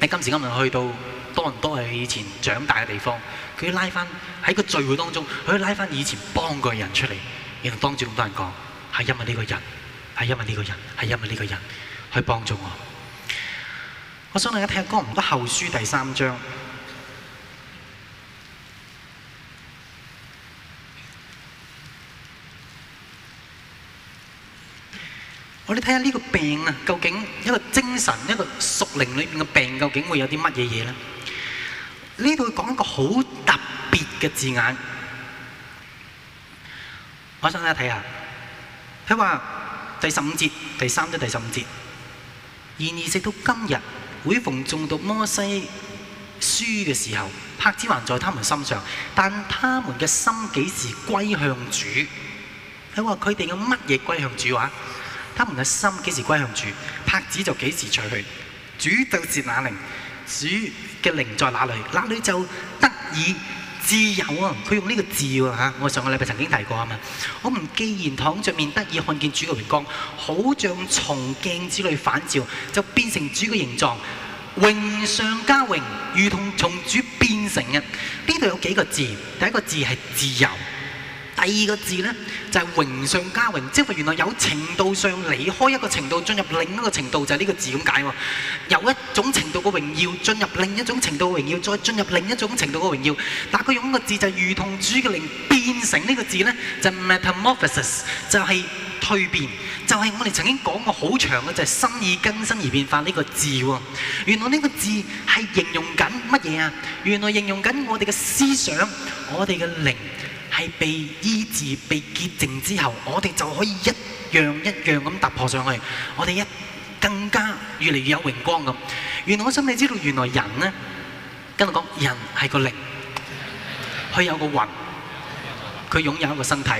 喺今時今日去到多倫多係以前長大嘅地方，佢要拉翻喺個聚會當中，佢要拉翻以前幫過嘅人出嚟。然後當住咁多人講，係因為呢個人，係因為呢個人，係因為呢個人去幫助我。我想大家聽下哥林多後書第三章。我哋睇下呢個病啊，究竟一個精神一個屬靈裏邊嘅病，究竟會有啲乜嘢嘢咧？呢度講一個好特別嘅字眼。我想睇下，佢話第十五節第三到第十五節，然而直到今日，每逢誦讀摩西書嘅時候，帕子還在他們心上，但他們嘅心幾時歸向主。佢話佢哋嘅乜嘢歸向主話？他們嘅心幾時歸向主？帕子就幾時除去？主就是那靈。主嘅靈在哪裏？那裏就得以自由啊！佢用呢個字㗎，啊，我上個禮拜曾經提過啊嘛。我唔既然躺着面得以，看見主嘅榮光，好像從鏡子裏反照，就變成主嘅形狀，榮上加榮，如同從主變成嘅。呢度有幾個字，第一個字係自由。第二個字呢，就係榮上加榮，即係原來有程度上離開一個程度，進入另一個程度，就係呢個字點解喎？有一種程度嘅榮耀，進入另一種程度嘅榮耀，再進入另一種程度嘅榮耀。但佢用一個字就如同主嘅靈變成呢個字呢，就係 metamorphosis，就係蛻變，就係我哋曾經講過好長嘅，就係心意更新而變化呢個字喎。原來呢個字係形容緊乜嘢啊？原來形容緊我哋嘅思想，我哋嘅靈。係被醫治、被潔淨之後，我哋就可以一樣一樣咁突破上去。我哋一更加越嚟越有榮光咁。原來我心裡知道，原來人呢，跟我講，人係個靈，佢有個魂，佢擁有一個身體。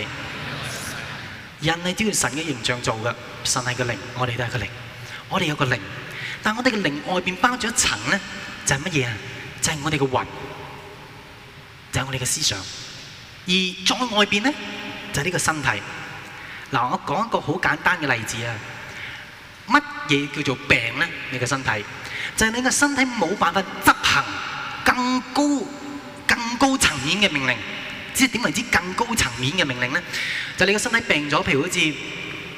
人係照住神嘅形象做嘅，神係個靈，我哋都係個靈。我哋有個靈，但我哋嘅靈外面包住一層呢，就係乜嘢？就係、是、我哋嘅魂，就係、是、我哋嘅思想。而在外邊咧，就係、是、呢個身體。嗱，我講一個好簡單嘅例子啊。乜嘢叫做病咧？你嘅身體就係、是、你嘅身體冇辦法執行更高、更高層面嘅命令。即係點為之更高層面嘅命令咧？就係、是、你嘅身體病咗，譬如好似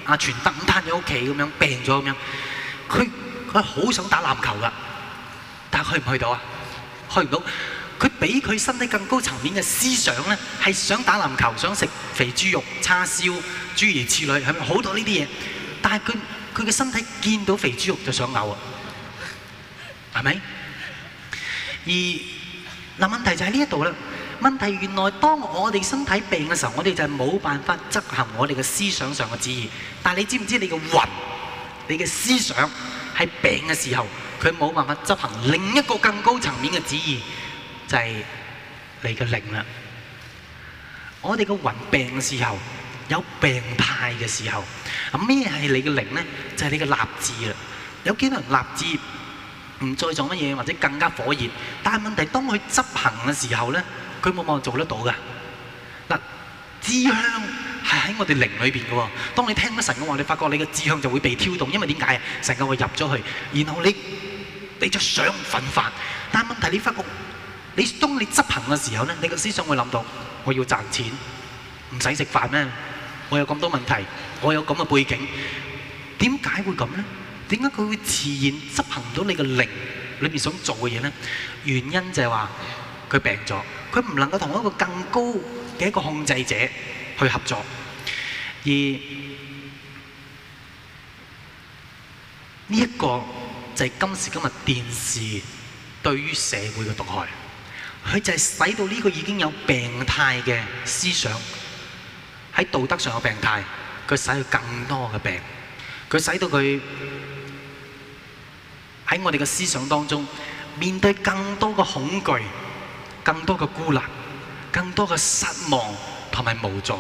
阿全等攤喺屋企咁樣病咗咁樣。佢佢係好想打籃球噶，但係去唔去到啊？去唔到。佢比佢身體更高層面嘅思想咧，係想打籃球，想食肥豬肉、叉燒，諸如此類，係咪好多呢啲嘢？但係佢佢嘅身體見到肥豬肉就想嘔啊，係咪？而嗱問題就喺呢一度啦。問題原來當我哋身體病嘅時候，我哋就係冇辦法執行我哋嘅思想上嘅旨意。但係你知唔知你嘅魂、你嘅思想喺病嘅時候，佢冇辦法執行另一個更高層面嘅旨意。就係你嘅靈啦。我哋個魂病嘅時候，有病態嘅時候，噉咩係你嘅靈咧？就係你嘅立志啦。有幾多人立志唔再做乜嘢，或者更加火熱？但係問題當佢執行嘅時候咧，佢冇冇做得到㗎？嗱，志向係喺我哋靈裏邊嘅喎。當你聽咗神嘅話，你發覺你嘅志向就會被挑動，因為點解啊？神嘅話會入咗去，然後你你就想奮發，但係問題你發覺。你當你執行嘅時候咧，你個思想會諗到，我要賺錢，唔使食飯咩？我有咁多問題，我有咁嘅背景，點解會咁咧？點解佢會自然執行到你嘅靈裏面想做嘅嘢咧？原因就係話佢病咗，佢唔能夠同一個更高嘅一個控制者去合作，而呢一個就係今時今日電視對於社會嘅毒害。佢就係使到呢個已經有病態嘅思想喺道德上有病態，佢使佢更多嘅病，佢使到佢喺我哋嘅思想當中面對更多嘅恐懼、更多嘅孤立、更多嘅失望同埋無助。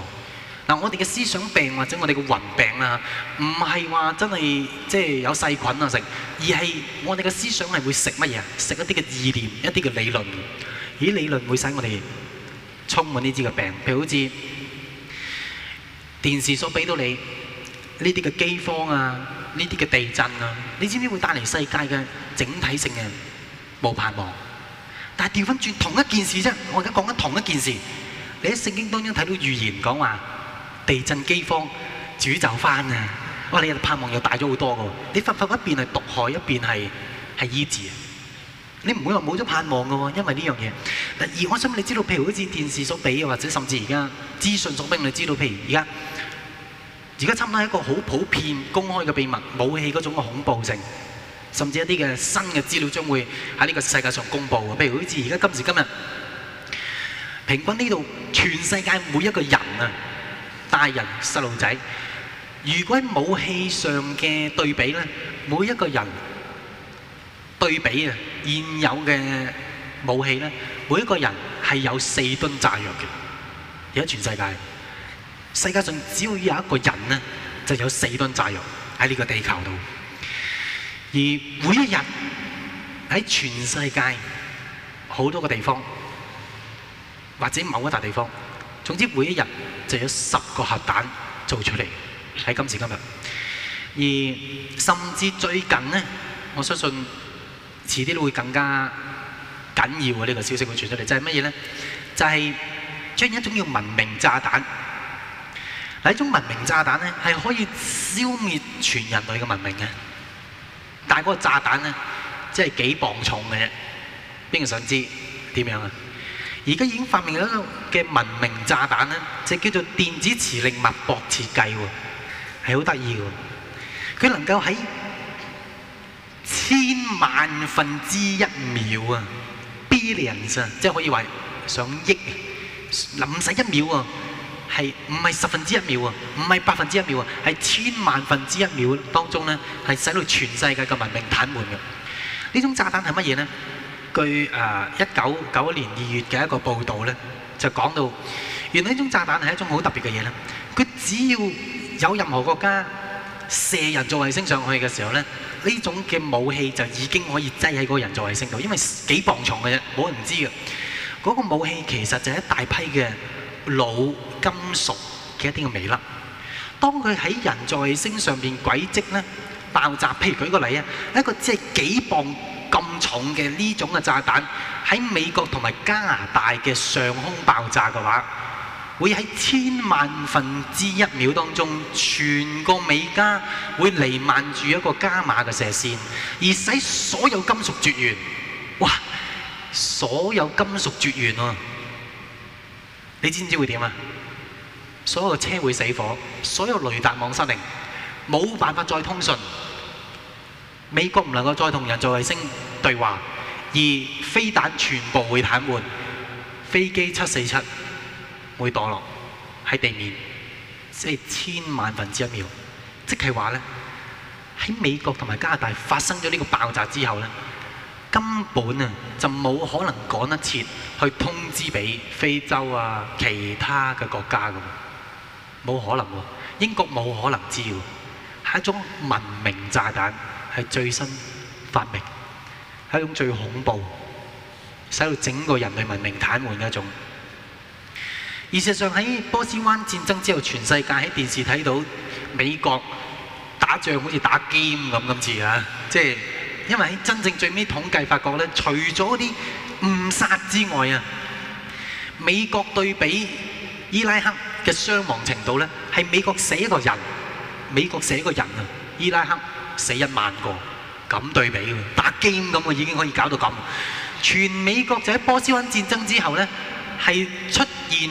嗱，我哋嘅思想病或者我哋嘅魂病啊，唔係話真係即係有細菌啊食，而係我哋嘅思想係會食乜嘢？食一啲嘅意念、一啲嘅理論。咦，理論會使我哋充滿呢啲嘅病，譬如好似電視所俾到你呢啲嘅饑荒啊，呢啲嘅地震啊，你知唔知會帶嚟世界嘅整體性嘅無盼望？但係掉返轉同一件事啫，我而家講緊同一件事，你喺聖經當中睇到預言講話地震饑荒，主就返啊！哇，你嘅盼望又大咗好多喎！你發發一邊係毒害，一邊係係醫治。你唔會話冇咗盼望㗎喎，因為呢樣嘢。而我想你知道，譬如好似電視所俾嘅，或者甚至而家資訊所俾你知道，譬如而家而家差唔多係一個好普遍公開嘅秘密，武器嗰種嘅恐怖性，甚至一啲嘅新嘅資料將會喺呢個世界上公布。譬如好似而家今時今日，平均呢度全世界每一個人啊，大人、細路仔，如果喺武器上嘅對比咧，每一個人對比啊！現有嘅武器咧，每一個人係有四噸炸藥嘅，而家全世界世界上只要有一個人咧，就有四噸炸藥喺呢個地球度。而每一日喺全世界好多個地方或者某一笪地方，總之每一日就有十個核彈做出嚟喺今時今日。而甚至最近咧，我相信。遲啲會更加緊要啊！呢個消息會傳出嚟，就係乜嘢咧？就係出現一種叫文明炸彈，係一種文明炸彈咧，係可以消滅全人類嘅文明嘅。但係嗰個炸彈咧，即係幾磅重嘅啫。邊個想知點樣啊？而家已經發明咗一個嘅文明炸彈咧，就叫做電子磁力脈搏設計，係好得意嘅。佢能夠喺～千萬分之一秒啊，Billion 啊，即係可以話上億啊，嗱，唔使一秒喎，係唔係十分之一秒喎？唔係百分之一秒喎，係千萬分之一秒當中咧，係使到全世界嘅文明癱瘓嘅。呢種炸彈係乜嘢咧？據誒一九九一年二月嘅一個報道咧，就講到原來呢種炸彈係一種好特別嘅嘢咧。佢只要有任何國家，射人造衛星上去嘅時候呢，呢種嘅武器就已經可以擠喺嗰人造衛星度，因為幾磅重嘅啫，冇人知嘅。嗰個武器其實就係一大批嘅老金屬嘅一啲嘅微粒，當佢喺人造衛星上面軌跡呢，爆炸，譬如舉個例啊，一個即係幾磅咁重嘅呢種嘅炸彈喺美國同埋加拿大嘅上空爆炸嘅話。會喺千萬分之一秒當中，全個美加會籠罩住一個伽馬嘅射線，而使所有金屬絕緣。哇！所有金屬絕緣喎，啊，你知唔知道會點啊？所有車會死火，所有雷達網失靈，冇辦法再通訊。美國唔能夠再同人造衛星對話，而飛彈全部會癱瘓，飛機七四七。會墮落喺地面，即係千萬分之一秒。即係話咧，喺美國同埋加拿大發生咗呢個爆炸之後咧，根本啊就冇可能趕得切去通知俾非洲啊其他嘅國家噶，冇可能喎。英國冇可能知喎，係一種文明炸彈，係最新發明，係一種最恐怖，使到整個人類文明癱瘓嘅一種。事實上喺波斯灣戰爭之後，全世界喺電視睇到美國打仗好似打 game 咁，今次啊！即係因為喺真正最尾統計發覺咧，除咗啲誤殺之外啊，美國對比伊拉克嘅傷亡程度咧，係美國死一個人，美國死一個人啊，伊拉克死一萬個咁對比，打 game 咁啊已經可以搞到咁。全美國就喺波斯灣戰爭之後咧，係出現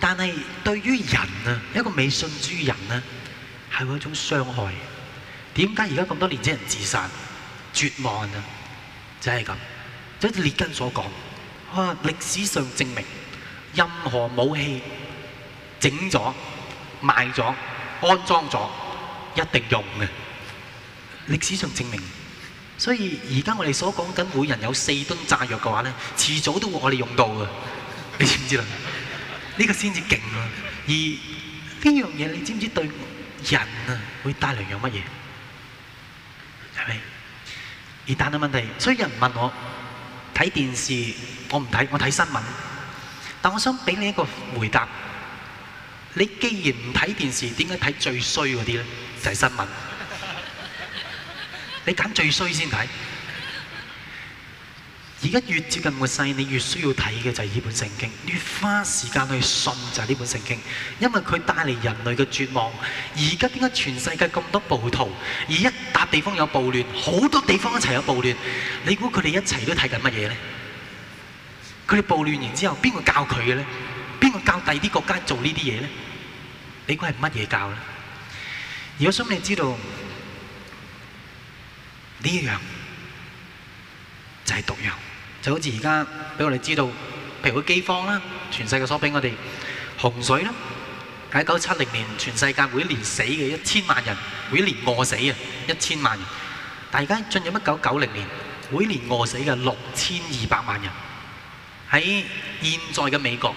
但係對於人啊，一個未信主嘅人、啊，係會一種傷害。點解而家咁多年輕人自殺、絕望啊？就係、是、咁。正如列根所講，哇、啊！歷史上證明，任何武器整咗、賣咗、安裝咗，一定用嘅。歷史上證明。所以而家我哋所講緊每人有四噸炸藥嘅話咧，遲早都會我哋用到嘅。你知唔知啦？呢個先至勁咯，而呢樣嘢你知唔知對人啊會帶嚟有乜嘢？係咪？而單單問題，所以有人問我睇電視，我唔睇，我睇新聞。但我想俾你一個回答：你既然唔睇電視，點解睇最衰嗰啲咧？就係新聞。你揀最衰先睇。而家越接近末世，你越需要睇嘅就係呢本聖經，越花時間去信就係呢本聖經，因為佢帶嚟人類嘅絕望。而家點解全世界咁多暴徒，而一笪地方有暴亂，好多地方一齊有暴亂。你估佢哋一齊都睇緊乜嘢咧？佢哋暴亂完之後，邊個教佢嘅咧？邊個教第二啲國家做呢啲嘢咧？你估係乜嘢教咧？如果想你知道呢樣就係毒藥。好似而家俾我哋知道，譬如個饑荒啦，全世界所俾我哋洪水啦，喺一九七零年，全世界每一年死嘅一千萬人，每一年餓死嘅，一千萬人。但而家進入一九九零年，每一年餓死嘅六千二百萬人。喺現在嘅美國，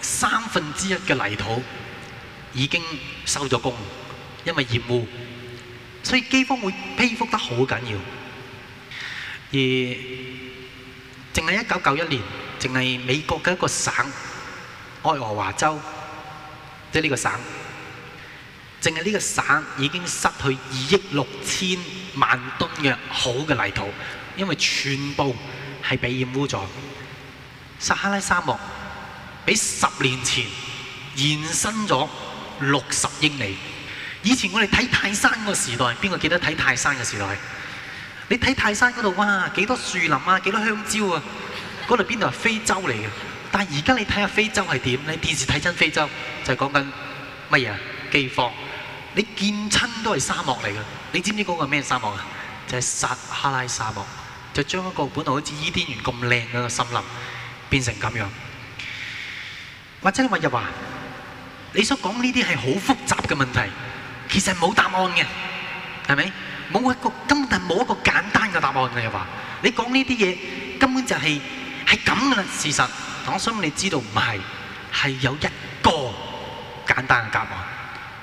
三分之一嘅泥土已經收咗工，因為業務，所以饑荒會批复得好緊要，而。淨係一九九一年，淨係美國嘅一個省愛荷華州，即係呢個省，淨係呢個省已經失去二億六千萬噸嘅好嘅泥土，因為全部係被染污咗。撒哈拉沙漠比十年前延伸咗六十英里。以前我哋睇泰山個時代，邊個記得睇泰山嘅時代？你睇泰山嗰度，哇！幾多樹林啊，幾多香蕉啊，嗰度邊度係非洲嚟嘅。但係而家你睇下非洲係點？你電視睇親非洲，就係講緊乜嘢啊？饑荒。你見親都係沙漠嚟嘅。你知唔知嗰個咩沙漠啊？就係撒哈拉沙漠，就將一個本來好似伊甸園咁靚嘅森林變成咁樣。或者你又話，日華，你所講呢啲係好複雜嘅問題，其實冇答案嘅，係咪？冇一個根本係冇一個簡單嘅答案。你話你講呢啲嘢根本就係係咁嘅啦。事實，我想你知道唔係係有一個簡單嘅答、就是、答案，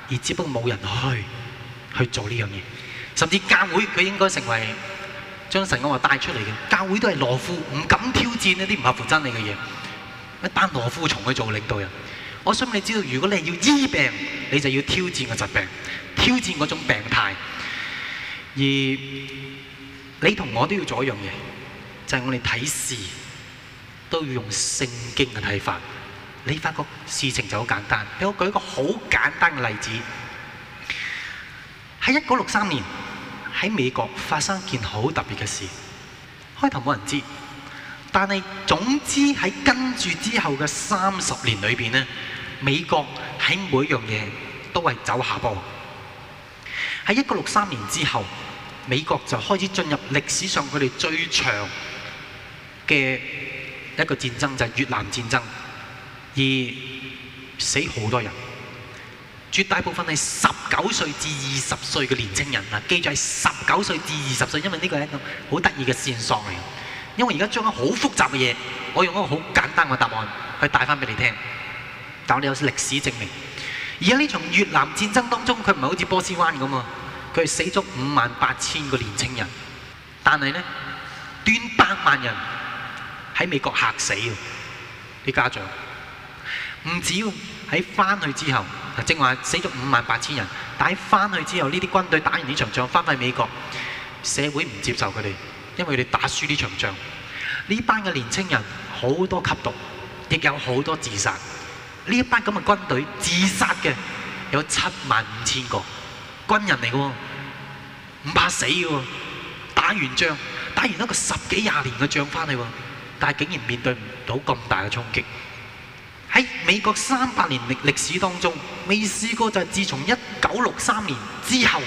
而只不過冇人去去做呢樣嘢。甚至教會佢應該成為將神嘅話帶出嚟嘅教會，都係懦夫，唔敢挑戰一啲唔合乎真理嘅嘢。一班懦夫從去做領導人。我想你知道，如果你係要醫病，你就要挑戰個疾病，挑戰嗰種病態。而你同我都要做一樣嘢，就係我哋睇事都要用聖經嘅睇法。你發覺事情就好簡單。俾我舉一個好簡單嘅例子，喺一九六三年喺美國發生一件好特別嘅事。開頭冇人知，但係總之喺跟住之後嘅三十年裏邊咧，美國喺每樣嘢都係走下坡。喺一九六三年之後。美國就開始進入歷史上佢哋最長嘅一個戰爭，就係越南戰爭，而死好多人，絕大部分係十九歲至二十歲嘅年青人啊！記住係十九歲至二十歲，因為呢個係一個好得意嘅線索嚟。因為而家將一個好複雜嘅嘢，我用一個好簡單嘅答案去帶翻俾你聽，但係我哋有歷史證明。而家呢場越南戰爭當中，佢唔係好似波斯灣咁啊。佢死咗五萬八千個年青人，但係呢，斷百萬人喺美國嚇死嘅，啲家長唔止要喺翻去之後，正話死咗五萬八千人，但係翻去之後呢啲軍隊打完呢場仗翻返美國，社會唔接受佢哋，因為佢哋打輸呢場仗，呢班嘅年青人好多吸毒，亦有好多自殺，呢一班咁嘅軍隊自殺嘅有七萬五千個軍人嚟嘅喎。唔怕死嘅喎，打完仗，打完一個十幾廿年嘅仗翻嚟，但係竟然面對唔到咁大嘅衝擊。喺美國三百年歷歷史當中，未試過就係自從一九六三年之後，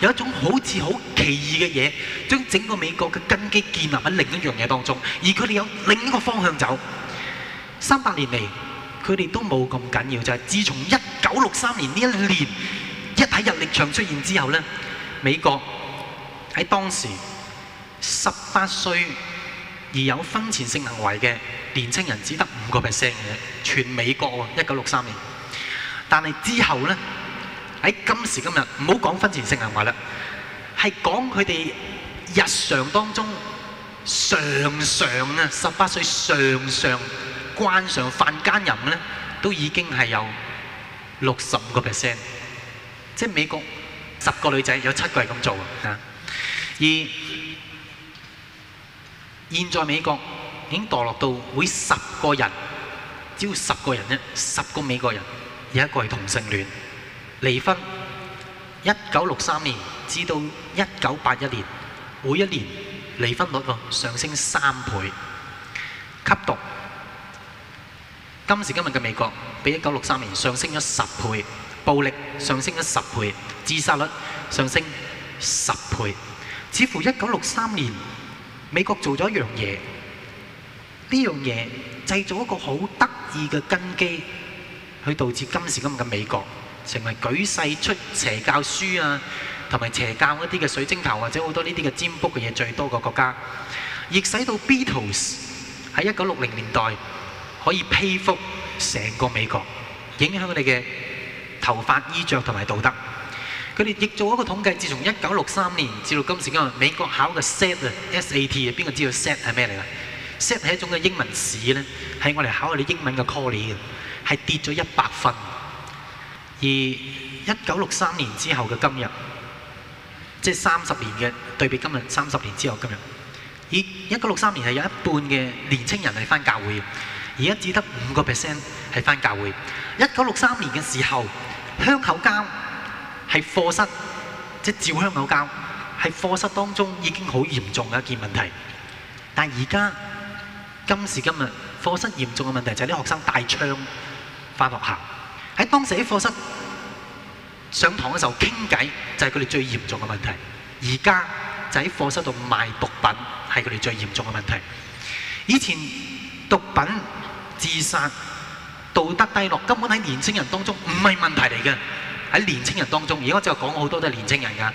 有一種好似好奇異嘅嘢，將整個美國嘅根基建立喺另一樣嘢當中，而佢哋有另一個方向走。三百年嚟，佢哋都冇咁緊要，就係自從一九六三年呢一年，一體入力場出現之後呢。美國喺當時十八歲而有婚前性行為嘅年輕人只得五個 percent 嘅，全美國喎，一九六三年。但係之後呢，喺今時今日，唔好講婚前性行為啦，係講佢哋日常當中常常啊十八歲常常慣常犯奸淫呢，都已經係有六十五個 percent，即美國。十個女仔有七個係咁做啊！而現在美國已經墮落到每十個人只要十個人啫，十個美國人有一個係同性戀。離婚，一九六三年至到一九八一年，每一年離婚率上升三倍。吸毒，今時今日嘅美國比一九六三年上升咗十倍。暴力上升咗十倍，自殺率上升十倍，似乎一九六三年美國做咗一樣嘢，呢樣嘢製造一個好得意嘅根基，去導致今時今日嘅美國成為舉世出邪教書啊，同埋邪教一啲嘅水晶球或者好多呢啲嘅占卜嘅嘢最多嘅國家，亦使到 Beatles 喺一九六零年代可以披覆成個美國，影響你嘅頭髮、衣著同埋道德，佢哋亦做一個統計，自從一九六三年至到今時，因為美國考嘅 SAT 啊，S A T 啊，邊個知道 SAT 係咩嚟啊？SAT 係一種嘅英文試咧，係我哋考下啲英文嘅 core 嘅，係跌咗一百分。而一九六三年之後嘅今日，即係三十年嘅對比，今日三十年之後今日，而一九六三年係有一半嘅年青人係翻教會，而家只得五個 percent 係翻教會。一九六三年嘅時候。香口膠喺課室，即係嚼香口膠喺課室當中已經好嚴重嘅一件問題。但係而家今時今日課室嚴重嘅問題就係啲學生帶槍返學校。喺當時喺課室上堂嘅時候傾偈就係佢哋最嚴重嘅問題。而家就喺課室度賣毒品係佢哋最嚴重嘅問題。以前毒品自殺。道德低落，根本喺年青人當中唔係問題嚟嘅。喺年青人當中，而家我就講好多都係年青人㗎。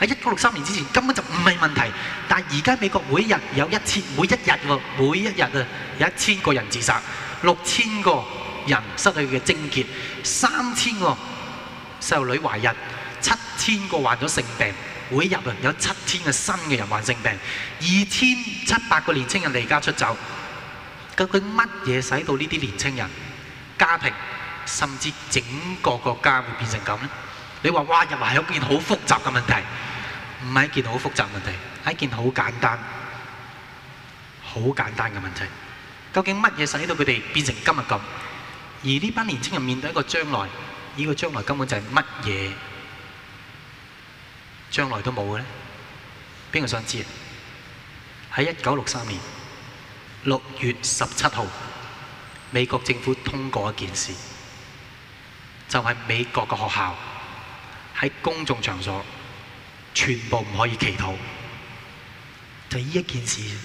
喺一九六三年之前，根本就唔係問題。但係而家美國每日有一千，每一日喎，每一日啊有一千個人自殺，六千個人失去嘅貞潔，三千個細路女懷孕，七千個患咗性病，每日啊有七千個新嘅人患性病，二千七百個年青人離家出走。究竟乜嘢使到呢啲年青人？家庭甚至整個國家會變成咁咧？你話哇，又話係一件好複雜嘅問題，唔係一件好複雜問題，係一件好簡單、好簡單嘅問題。究竟乜嘢使到佢哋變成今日咁？而呢班年輕人面對一個將來，呢個將來根本就係乜嘢？將來都冇嘅咧，邊個想知啊？喺一九六三年六月十七號。美國政府通過一件事，就係、是、美國嘅學校喺公眾場所全部唔可以祈禱。就呢、是、一件事，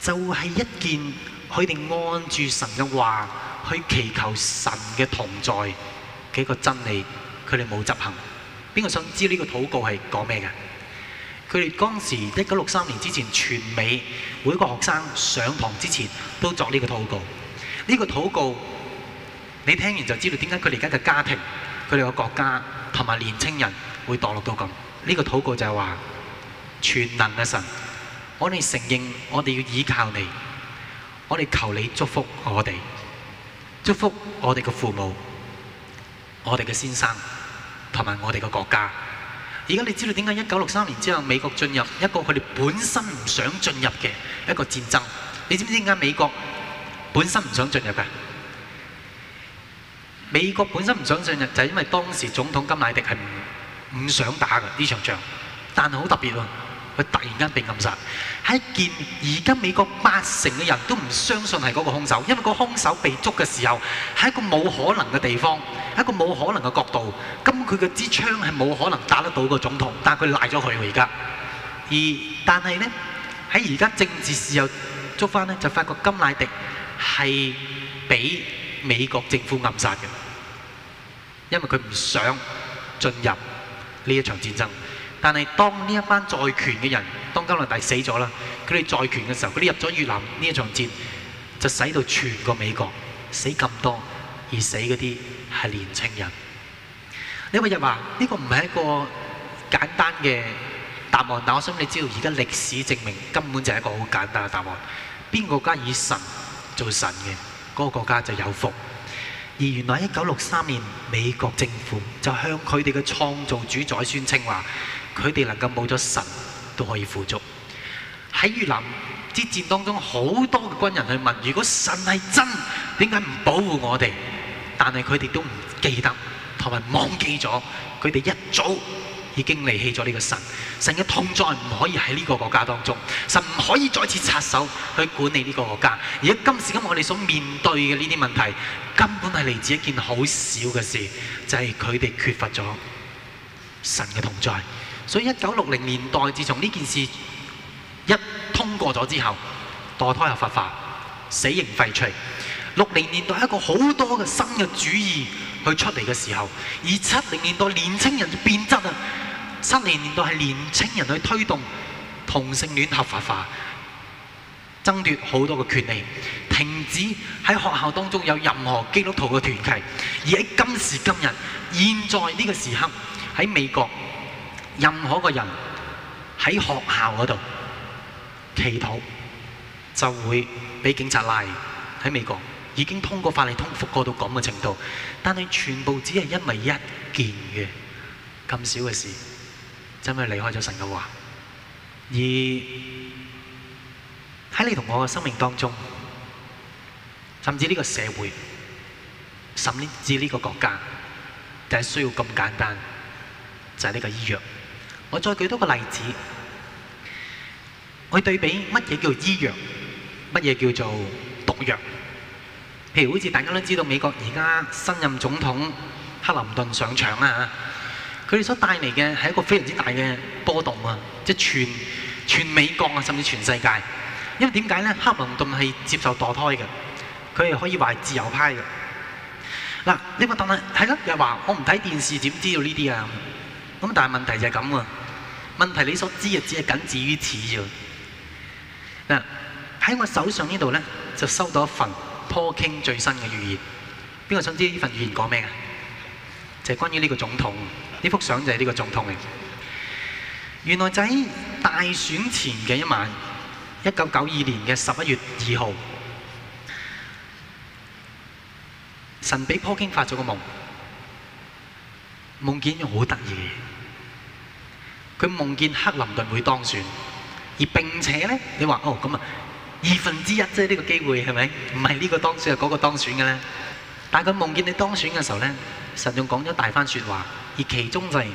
就係、是、一件佢哋按住神嘅話去祈求神嘅同在嘅一個真理，佢哋冇執行。邊個想知呢個禱告係講咩嘅？佢哋當時一九六三年之前，全美每個學生上堂之前都作呢個禱告。呢個禱告，你聽完就知道點解佢哋而家嘅家庭、佢哋嘅國家同埋年青人會墮落到咁。呢個禱告就係話：全能嘅神，我哋承認，我哋要依靠你，我哋求你祝福我哋，祝福我哋嘅父母、我哋嘅先生同埋我哋嘅國家。而家你知道點解一九六三年之後美國進入一個佢哋本身唔想進入嘅一個戰爭？你知唔知點解美國本身唔想進入嘅？美國本身唔想進入就係因為當時總統甘迺迪係唔想打嘅呢場仗，但係好特別喎、啊。佢突然間被暗殺，喺見而家美國八成嘅人都唔相信係嗰個兇手，因為個兇手被捉嘅時候係一個冇可能嘅地方，係一個冇可能嘅角度。咁佢嘅支槍係冇可能打得到個總統，但係佢賴咗佢而家。而但係呢，喺而家政治事又捉翻呢，就發覺金乃迪係俾美國政府暗殺嘅，因為佢唔想進入呢一場戰爭。但係當呢一班掌權嘅人，當甘迺迪死咗啦，佢哋掌權嘅時候，佢哋入咗越南呢一場戰，就使到全個美國死咁多，而死嗰啲係年青人。你咪又話呢個唔係一個簡單嘅答案，但係我想你知道而家歷史證明根本就係一個好簡單嘅答案。邊個國家以神做神嘅，嗰、那個國家就有福。而原來一九六三年美國政府就向佢哋嘅創造主宰宣稱話。佢哋能夠冇咗神都可以富足。喺越南之戰當中，好多嘅軍人去問：如果神係真，點解唔保護我哋？但係佢哋都唔記得，同埋忘記咗。佢哋一早已經離棄咗呢個神。神嘅同在唔可以喺呢個國家當中，神唔可以再次插手去管理呢個國家。而家今時今日，我哋所面對嘅呢啲問題，根本係嚟自一件好小嘅事，就係佢哋缺乏咗神嘅同在。所以一九六零年代，自從呢件事一通過咗之後，墮胎合法化，死刑廢除。六零年代是一個好多嘅新嘅主義去出嚟嘅時候，而七零年代年青人就變質啊！七零年代係年青人去推動同性戀合法化，爭奪好多嘅權利，停止喺學校當中有任何基督徒嘅團契。而喺今時今日，現在呢個時刻喺美國。任何個人喺學校嗰度祈禱，就會俾警察拉。喺美國，已經通過法例通覆過到咁嘅程度。但係全部只係因為一件嘅咁少嘅事，真係離開咗神嘅話，而喺你同我嘅生命當中，甚至呢個社會，甚至呢個國家，就係需要咁簡單，就係呢個醫藥。我再舉多個例子，我對比乜嘢叫做醫藥，乜嘢叫做毒藥。譬如好似大家都知道美國而家新任總統克林頓上場啊，佢哋所帶嚟嘅係一個非常之大嘅波動啊，即係全全美國啊，甚至全世界。因為點解呢？克林頓係接受墮胎嘅，佢係可以話係自由派嘅。嗱，你話當係係啦，又話我唔睇電視點知道呢啲啊？咁但係問題就係咁喎，問題你所知嘅只係僅止於此啫。嗱，喺我手上呢度咧，就收到一份 Paul King 最新嘅預言。邊個想知呢份預言講咩啊？就係關於呢個總統，呢幅相就係呢個總統嚟。原來就喺大選前嘅一晚，一九九二年嘅十一月二號，神俾 Paul King 發咗個夢，夢見好得意。佢夢見克林頓會當選，而並且咧，你話哦咁啊，二分之一啫，呢個機會係咪？唔係呢個當選啊，嗰個當選嘅咧。但係佢夢見你當選嘅時候咧，神仲講咗大番説話，而其中就係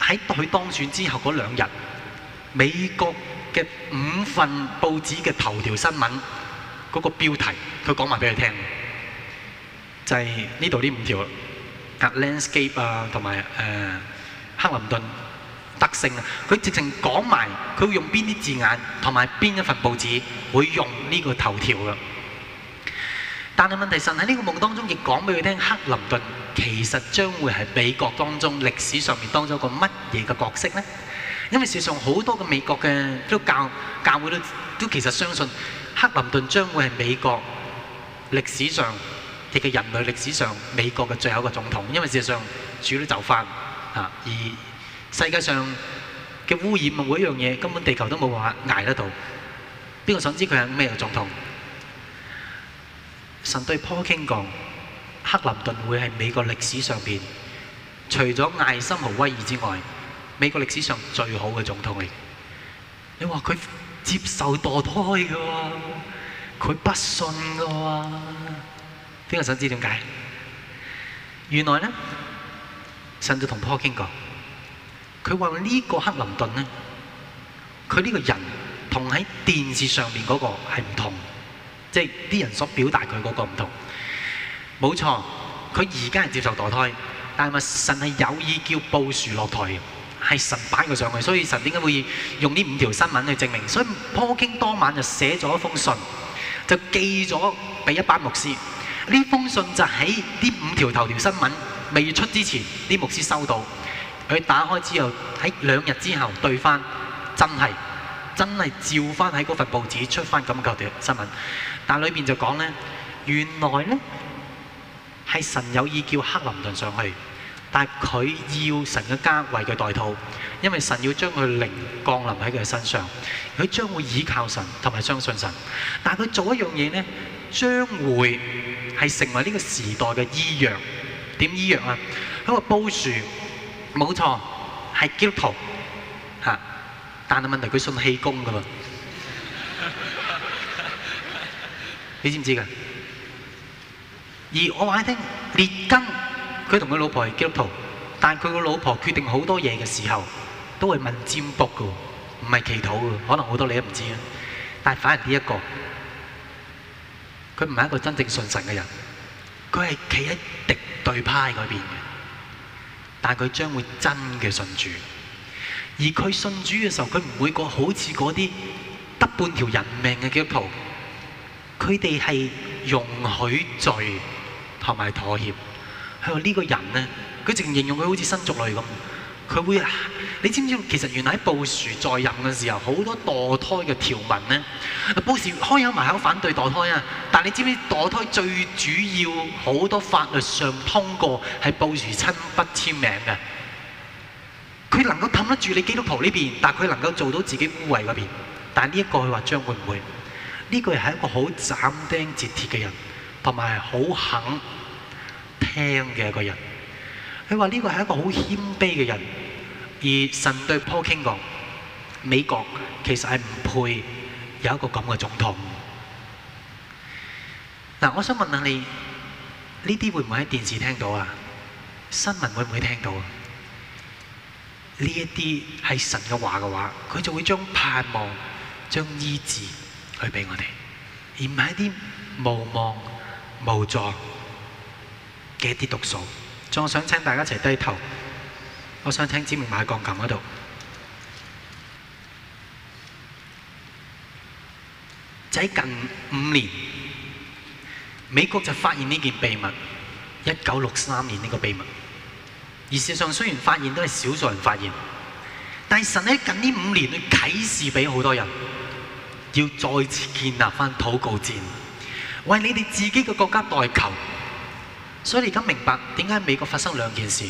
喺佢當選之後嗰兩日，美國嘅五份報紙嘅頭條新聞嗰個標題，佢講埋俾你聽，就係呢度呢五條 landscape 啊，同埋誒克林頓。特性啊！佢直情講埋佢會用邊啲字眼，同埋邊一份報紙會用呢個頭條啦。但係問題神喺呢個夢當中，亦講俾佢聽，克林頓其實將會係美國當中歷史上面當中一個乜嘢嘅角色呢？因為事實上好多嘅美國嘅都教教會都都其實相信克林頓將會係美國歷史上亦嘅人類歷史上美國嘅最後一個總統，因為事實上主就翻啊而。世界上嘅污染啊，嗰樣嘢根本地球都冇話捱得到。邊個想知佢係咩總統？神對普京講：克林頓會係美國歷史上邊，除咗艾森豪威爾之外，美國歷史上最好嘅總統嚟。你話佢接受墮胎嘅喎，佢不信嘅喎，邊個想知點解？原來咧，神就同普京講。佢話呢個克林頓咧，佢呢個人同喺電視上面嗰個係唔同，即係啲人所表達佢嗰個唔同。冇錯，佢而家係接受墮胎，但係咪神係有意叫布殊落台嘅？係神擺佢上去，所以神點解會用呢五條新聞去證明？所以坡京當晚就寫咗一封信，就寄咗俾一班牧師。呢封信就喺呢五條頭條新聞未出之前，啲牧師收到。佢打開之後，喺兩日之後對翻，真係真係照翻喺嗰份報紙出翻咁嘅舊條新聞。但裏面就講呢，原來呢係神有意叫克林頓上去，但係佢要神嘅家為佢代禱，因為神要將佢靈降臨喺佢身上。佢將會倚靠神同埋相信神。但係佢做一樣嘢呢，將會係成為呢個時代嘅醫藥。點醫藥啊？喺個樹。冇錯，係基督徒，哈！但係問題，佢信氣功㗎嘛？你知唔知嘅？而我話你聽，列根佢同佢老婆係基督徒，但係佢個老婆決定好多嘢嘅時候，都會問占卜噶，唔係祈禱噶。可能好多你都唔知啊。但係反而呢一個，佢唔係一個真正信神嘅人，佢係企喺敵對派嗰邊。但佢將會真嘅信主，而佢信主嘅時候，佢唔會講好似嗰啲得半條人命嘅基督徒，佢哋係容許罪同埋妥協。佢話呢個人呢，佢直形容佢好似新族類咁。佢會啊！你知唔知？其實原來喺布殊在任嘅時候，好多墮胎嘅條文呢。布殊開口埋口反對墮胎啊！但係你知唔知墮胎最主要好多法律上通過係布殊親筆簽名嘅。佢能夠氹得住你基督徒呢邊，但係佢能夠做到自己污衊嗰邊。但係呢一個，佢話將會唔會？呢個係一個好斬釘截鐵嘅人，同埋好肯聽嘅一個人。佢話呢個係一個好謙卑嘅人。而神對普京講：美國其實係唔配有一個咁嘅總統。嗱，我想問下你，呢啲會唔會喺電視聽到啊？新聞會唔會聽到啊？呢一啲係神嘅話嘅話，佢就會將盼望、將醫治去俾我哋，而唔係啲無望、無助嘅啲毒素。仲想請大家一齊低頭。我想聽姊妹買鋼琴嗰度。就喺近五年，美國就發現呢件秘密，一九六三年呢個秘密。而事實上雖然發現都係少數人發現，但係神喺近呢五年去啟示俾好多人，要再次建立翻禱告戰，為你哋自己嘅國家代求。所以你而家明白點解美國發生兩件事？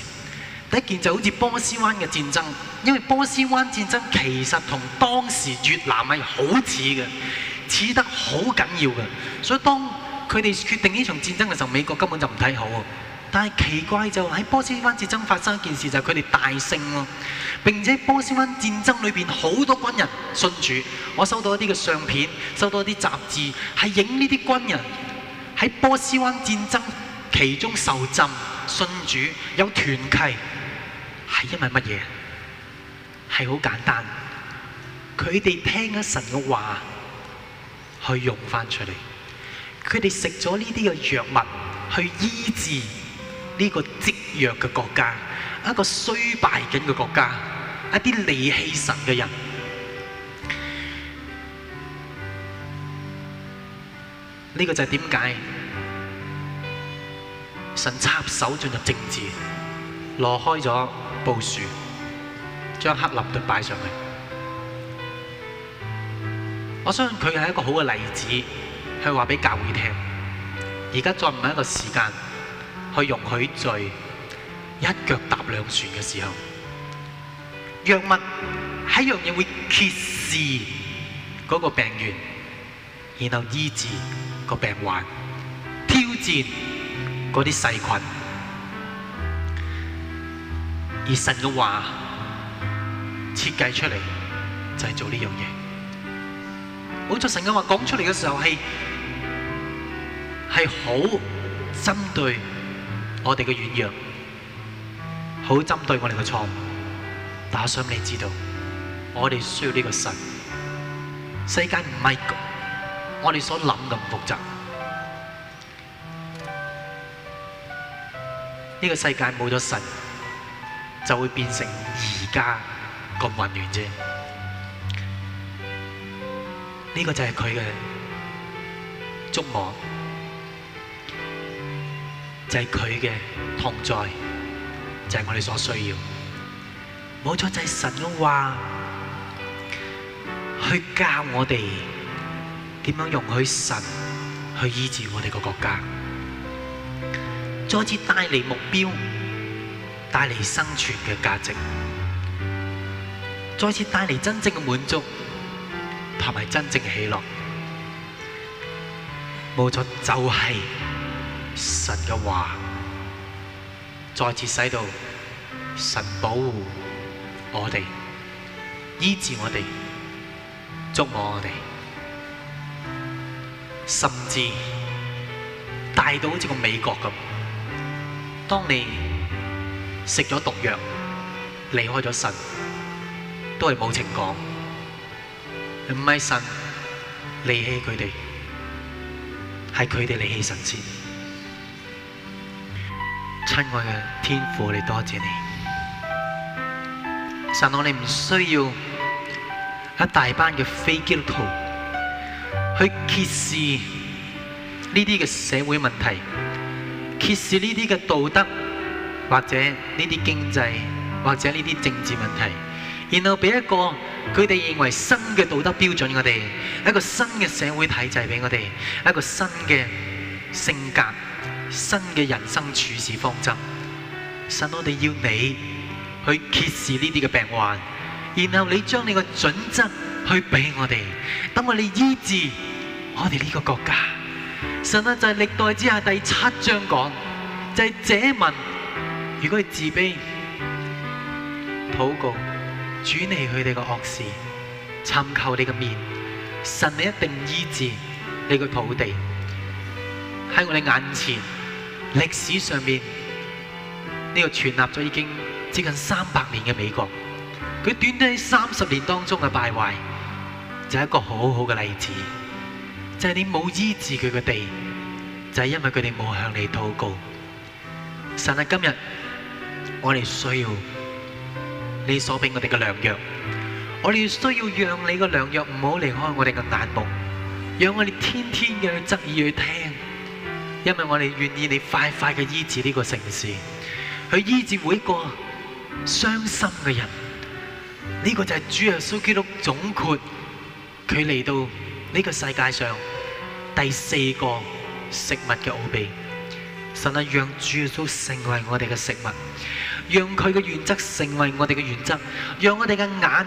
第一件就好似波斯灣嘅戰爭，因為波斯灣戰爭其實同當時越南係好似嘅，似得好緊要嘅。所以當佢哋決定呢場戰爭嘅時候，美國根本就唔睇好。但係奇怪就喺波斯灣戰爭發生一件事，就係佢哋大勝咯。並且波斯灣戰爭裏邊好多軍人信主，我收到一啲嘅相片，收到一啲雜誌，係影呢啲軍人喺波斯灣戰爭其中受浸信主，有團契。係因為乜嘢？係好簡單，佢哋聽啊神嘅話去用翻出嚟，佢哋食咗呢啲嘅藥物去醫治呢個積弱嘅國家，一個衰敗緊嘅國家，一啲離棄神嘅人。呢、這個就係點解神插手進入政治，攞開咗。部署將黑立都擺上去，我相信佢係一個好嘅例子，去話俾教會聽。而家再唔係一個時間去容許罪。一腳踏兩船嘅時候，藥物喺樣嘢會揭示嗰個病源，然後醫治個病患，挑戰嗰啲細菌。而神嘅話設計出嚟就係做呢樣嘢。好在神嘅話講出嚟嘅時候係係好針對我哋嘅軟弱，好針對我哋嘅錯誤。但係我想你知道，我哋需要呢個神。世界唔係我哋所諗咁複雜，呢個世界冇咗神，就會變成現在這麼而家咁混亂啫，呢、這個就係佢嘅觸摸，就係佢嘅同在，就係、是、我哋所需要。冇錯，就係、是、神嘅話去教我哋點樣容許神去醫治我哋個國家，再次帶嚟目標。帶嚟生存嘅價值，再次帶嚟真正嘅滿足同埋真正嘅喜樂。冇錯，就係神嘅話，再次使到神保護我哋，醫治我哋，祝福我哋，甚至大到好似個美國咁。當你。食咗毒藥，離開咗神，都係冇情講。唔係神離棄佢哋，係佢哋離棄神先。親愛嘅天父，我哋多謝你。神，我哋唔需要一大班嘅非基督徒去揭示呢啲嘅社會問題，揭示呢啲嘅道德，或者呢啲經濟，或者呢啲政治問題，然後俾一個佢哋認為新嘅道德標準，我哋一個新嘅社會體制俾我哋，一個新嘅性格、新嘅人生處事方針。神，我哋要你去揭示呢啲嘅病患，然後你將你嘅準則去俾我哋，等我哋醫治我哋呢個國家。神啊，就係歷代志下第七章講，就係這民。如果你自卑，禱告，轉離佢哋個惡事，尋求你嘅面，神你一定醫治你個土地。喺我哋眼前歷史上面呢、這個建立咗已經接近三百年嘅美國，佢短短三十年當中嘅敗壞就係、是、一個很好好嘅例子，就係、是、你冇醫治佢嘅地，就係、是、因為佢哋冇向你禱告。神喺今日。我哋需要你所俾我哋嘅良藥，我哋需要讓你嘅良藥唔好離開我哋嘅眼目，讓我哋天天嘅去質疑去聽，因為我哋願意你快快嘅醫治呢個城市，去醫治每一個傷心嘅人。呢個就係主耶穌基督總括佢嚟到呢個世界上第四個食物嘅奧秘。神啊，讓主耶穌成為我哋嘅食物。讓佢嘅原則成為我哋嘅原則，讓我哋嘅眼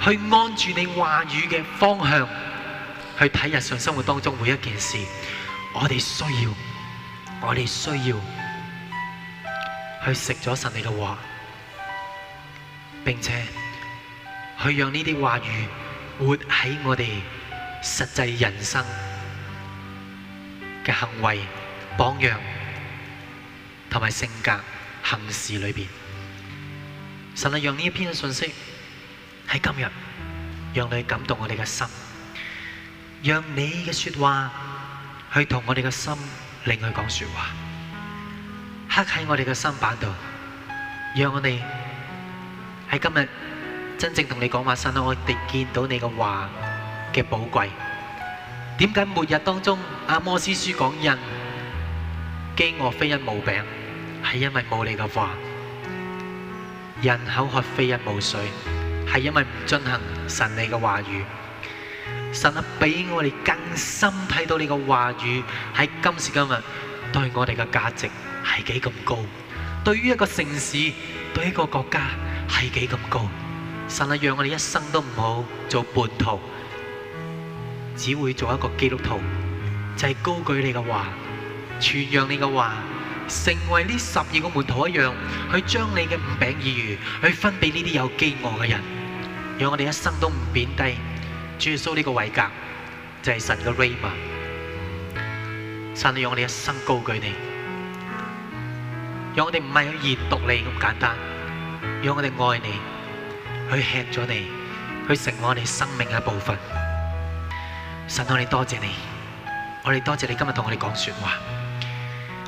去按住你話語嘅方向，去睇日常生活當中每一件事。我哋需要，我哋需要去食咗神你嘅話，並且去讓呢啲話語活喺我哋實際人生嘅行為、榜樣同埋性格。行事裏邊，神啊，讓呢一篇嘅信息喺今日，讓你感動我哋嘅心，讓你嘅說話去同我哋嘅心另去講說話，刻喺我哋嘅心版度，讓我哋喺今日真正同你講話，神啊，我哋見到你嘅話嘅寶貴，點解末日當中阿摩司書講人飢餓非因無餅？係因為冇你嘅話，人口渴非一無水，係因為唔遵行神你嘅話語。神啊，俾我哋更深睇到你嘅話語喺今時今日對我哋嘅價值係幾咁高，對於一個城市，對於一個國家係幾咁高。神啊，讓我哋一生都唔好做叛徒，只會做一個基督徒，就係高舉你嘅話，傳揚你嘅話。成為呢十二個門徒一樣，去將你嘅五餅二魚去分俾呢啲有飢餓嘅人，讓我哋一生都唔貶低。接收呢個位格，就係、是、神嘅 r a 嘛。神，讓我哋一生高舉你，讓我哋唔係去研讀你咁簡單，讓我哋愛你，去吃咗你，去成為我哋生命嘅一部分。神，我哋多謝你，我哋多謝你今日同我哋講說話。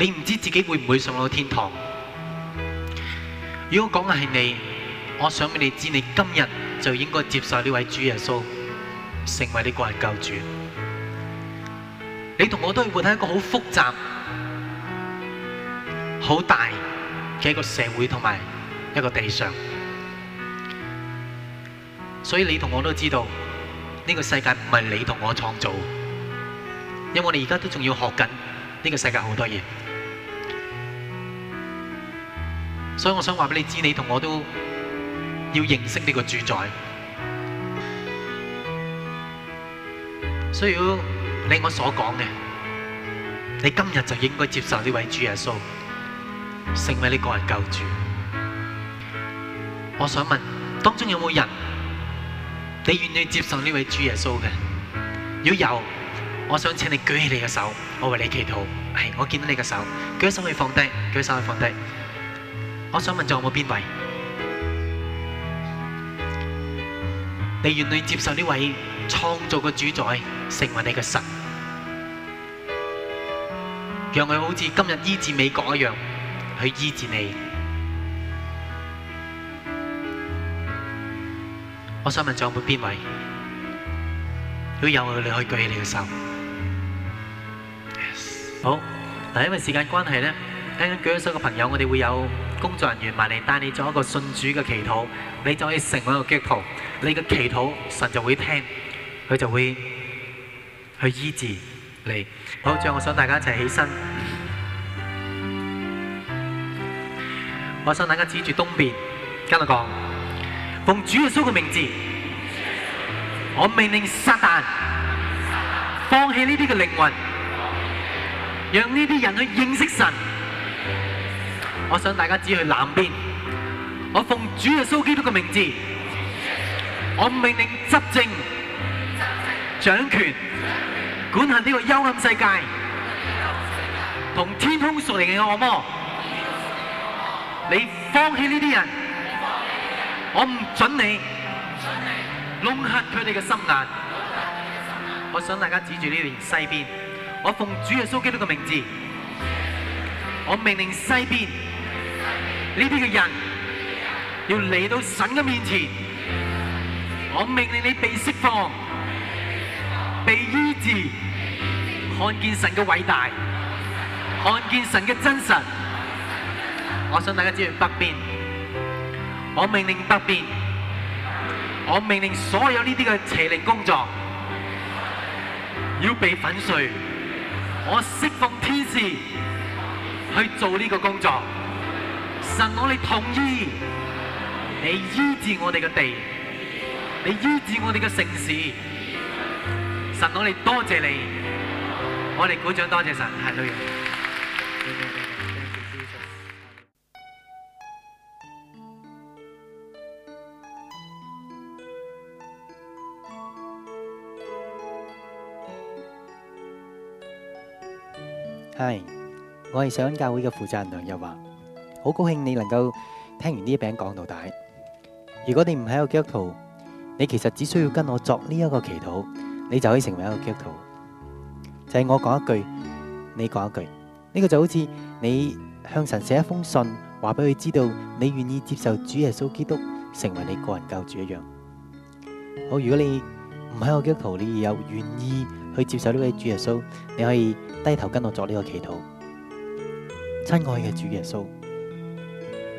你唔知自己會唔會上到天堂？如果講嘅係你，我想俾你知，你今日就應該接受呢位主耶穌，成為你個人救主。你同我都係活喺一個好複雜、好大嘅一個社會同埋一個地上，所以你同我都知道呢個世界唔係你同我創造，因為我哋而家都仲要學緊呢個世界好多嘢。所以我想話俾你知，你同我都要認識呢個主宰。所以，聽我所講嘅，你今日就應該接受呢位主耶穌，成為你個人救主。我想問，當中有冇人？你願意接受呢位主耶穌嘅？如果有，我想請你舉起你嘅手，我為你祈禱。係，我見到你嘅手，舉手去放低，舉手去放低。我想問仲有冇邊位，你願意接受呢位創造嘅主宰成為你嘅神，讓佢好似今日醫治美國一樣去醫治你？我想問仲有冇邊位，如果有嘅，你可以舉起你嘅手。好，但係，因為時間關係咧，啱啱舉起手嘅朋友，我哋會有工作人員埋嚟帶你做一個信主嘅祈禱，你就可以成為一個基督徒。你嘅祈禱神就會聽，佢就會去醫治你。好，最後我想大家一齊起身，我想大家指住東邊，跟我講，奉主耶穌嘅名字，我命令撒旦放棄呢啲嘅靈魂，讓呢啲人去認識神。我想大家指去南邊，我奉主耶穌基督嘅名字，我命令執政掌權管轄呢個幽暗世界同天空屬靈嘅惡魔，你放棄呢啲人，我唔准你弄瞎佢哋嘅心眼。我想大家指住呢邊西邊，我奉主耶穌基督嘅名字，我命令西邊。呢啲嘅人要嚟到神嘅面前，我命令你被釋放、被醫治、看見神嘅偉大、看見神嘅真實。我想大家知道北邊，我命令北邊，我命令所有呢啲嘅邪靈工作要被粉碎。我釋放天使去做呢個工作。神，我哋同意你醫治我哋嘅地，你醫治我哋嘅城市。神，我哋多謝你，我哋鼓掌多謝神，係多謝。係，我係上教會嘅負責人梁日華。好高興你能夠聽完呢一篇講到底。如果你唔係個基督徒，你其實只需要跟我作呢一個祈禱，你就可以成為一個基督徒。就係我講一句，你講一句，呢個就好似你向神寫一封信，話俾佢知道你願意接受主耶穌基督成為你個人救主一樣。好，如果你唔係個基督徒，你有願意去接受呢位主耶穌，你可以低頭跟我作呢個祈禱。親愛嘅主耶穌。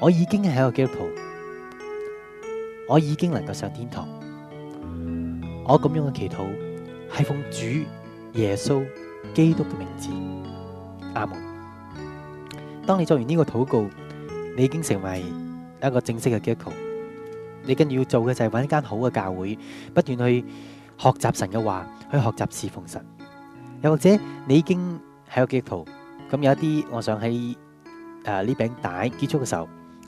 我已經係一個基督徒，我已經能夠上天堂。我咁樣嘅祈禱係奉主耶穌基督嘅名字，阿門。當你做完呢個禱告，你已經成為一個正式嘅基督徒。你跟住要做嘅就係揾一間好嘅教會，不斷去學習神嘅話，去學習侍奉神。又或者你已經係一個基督徒，咁有一啲我想喺誒呢餅帶結束嘅時候。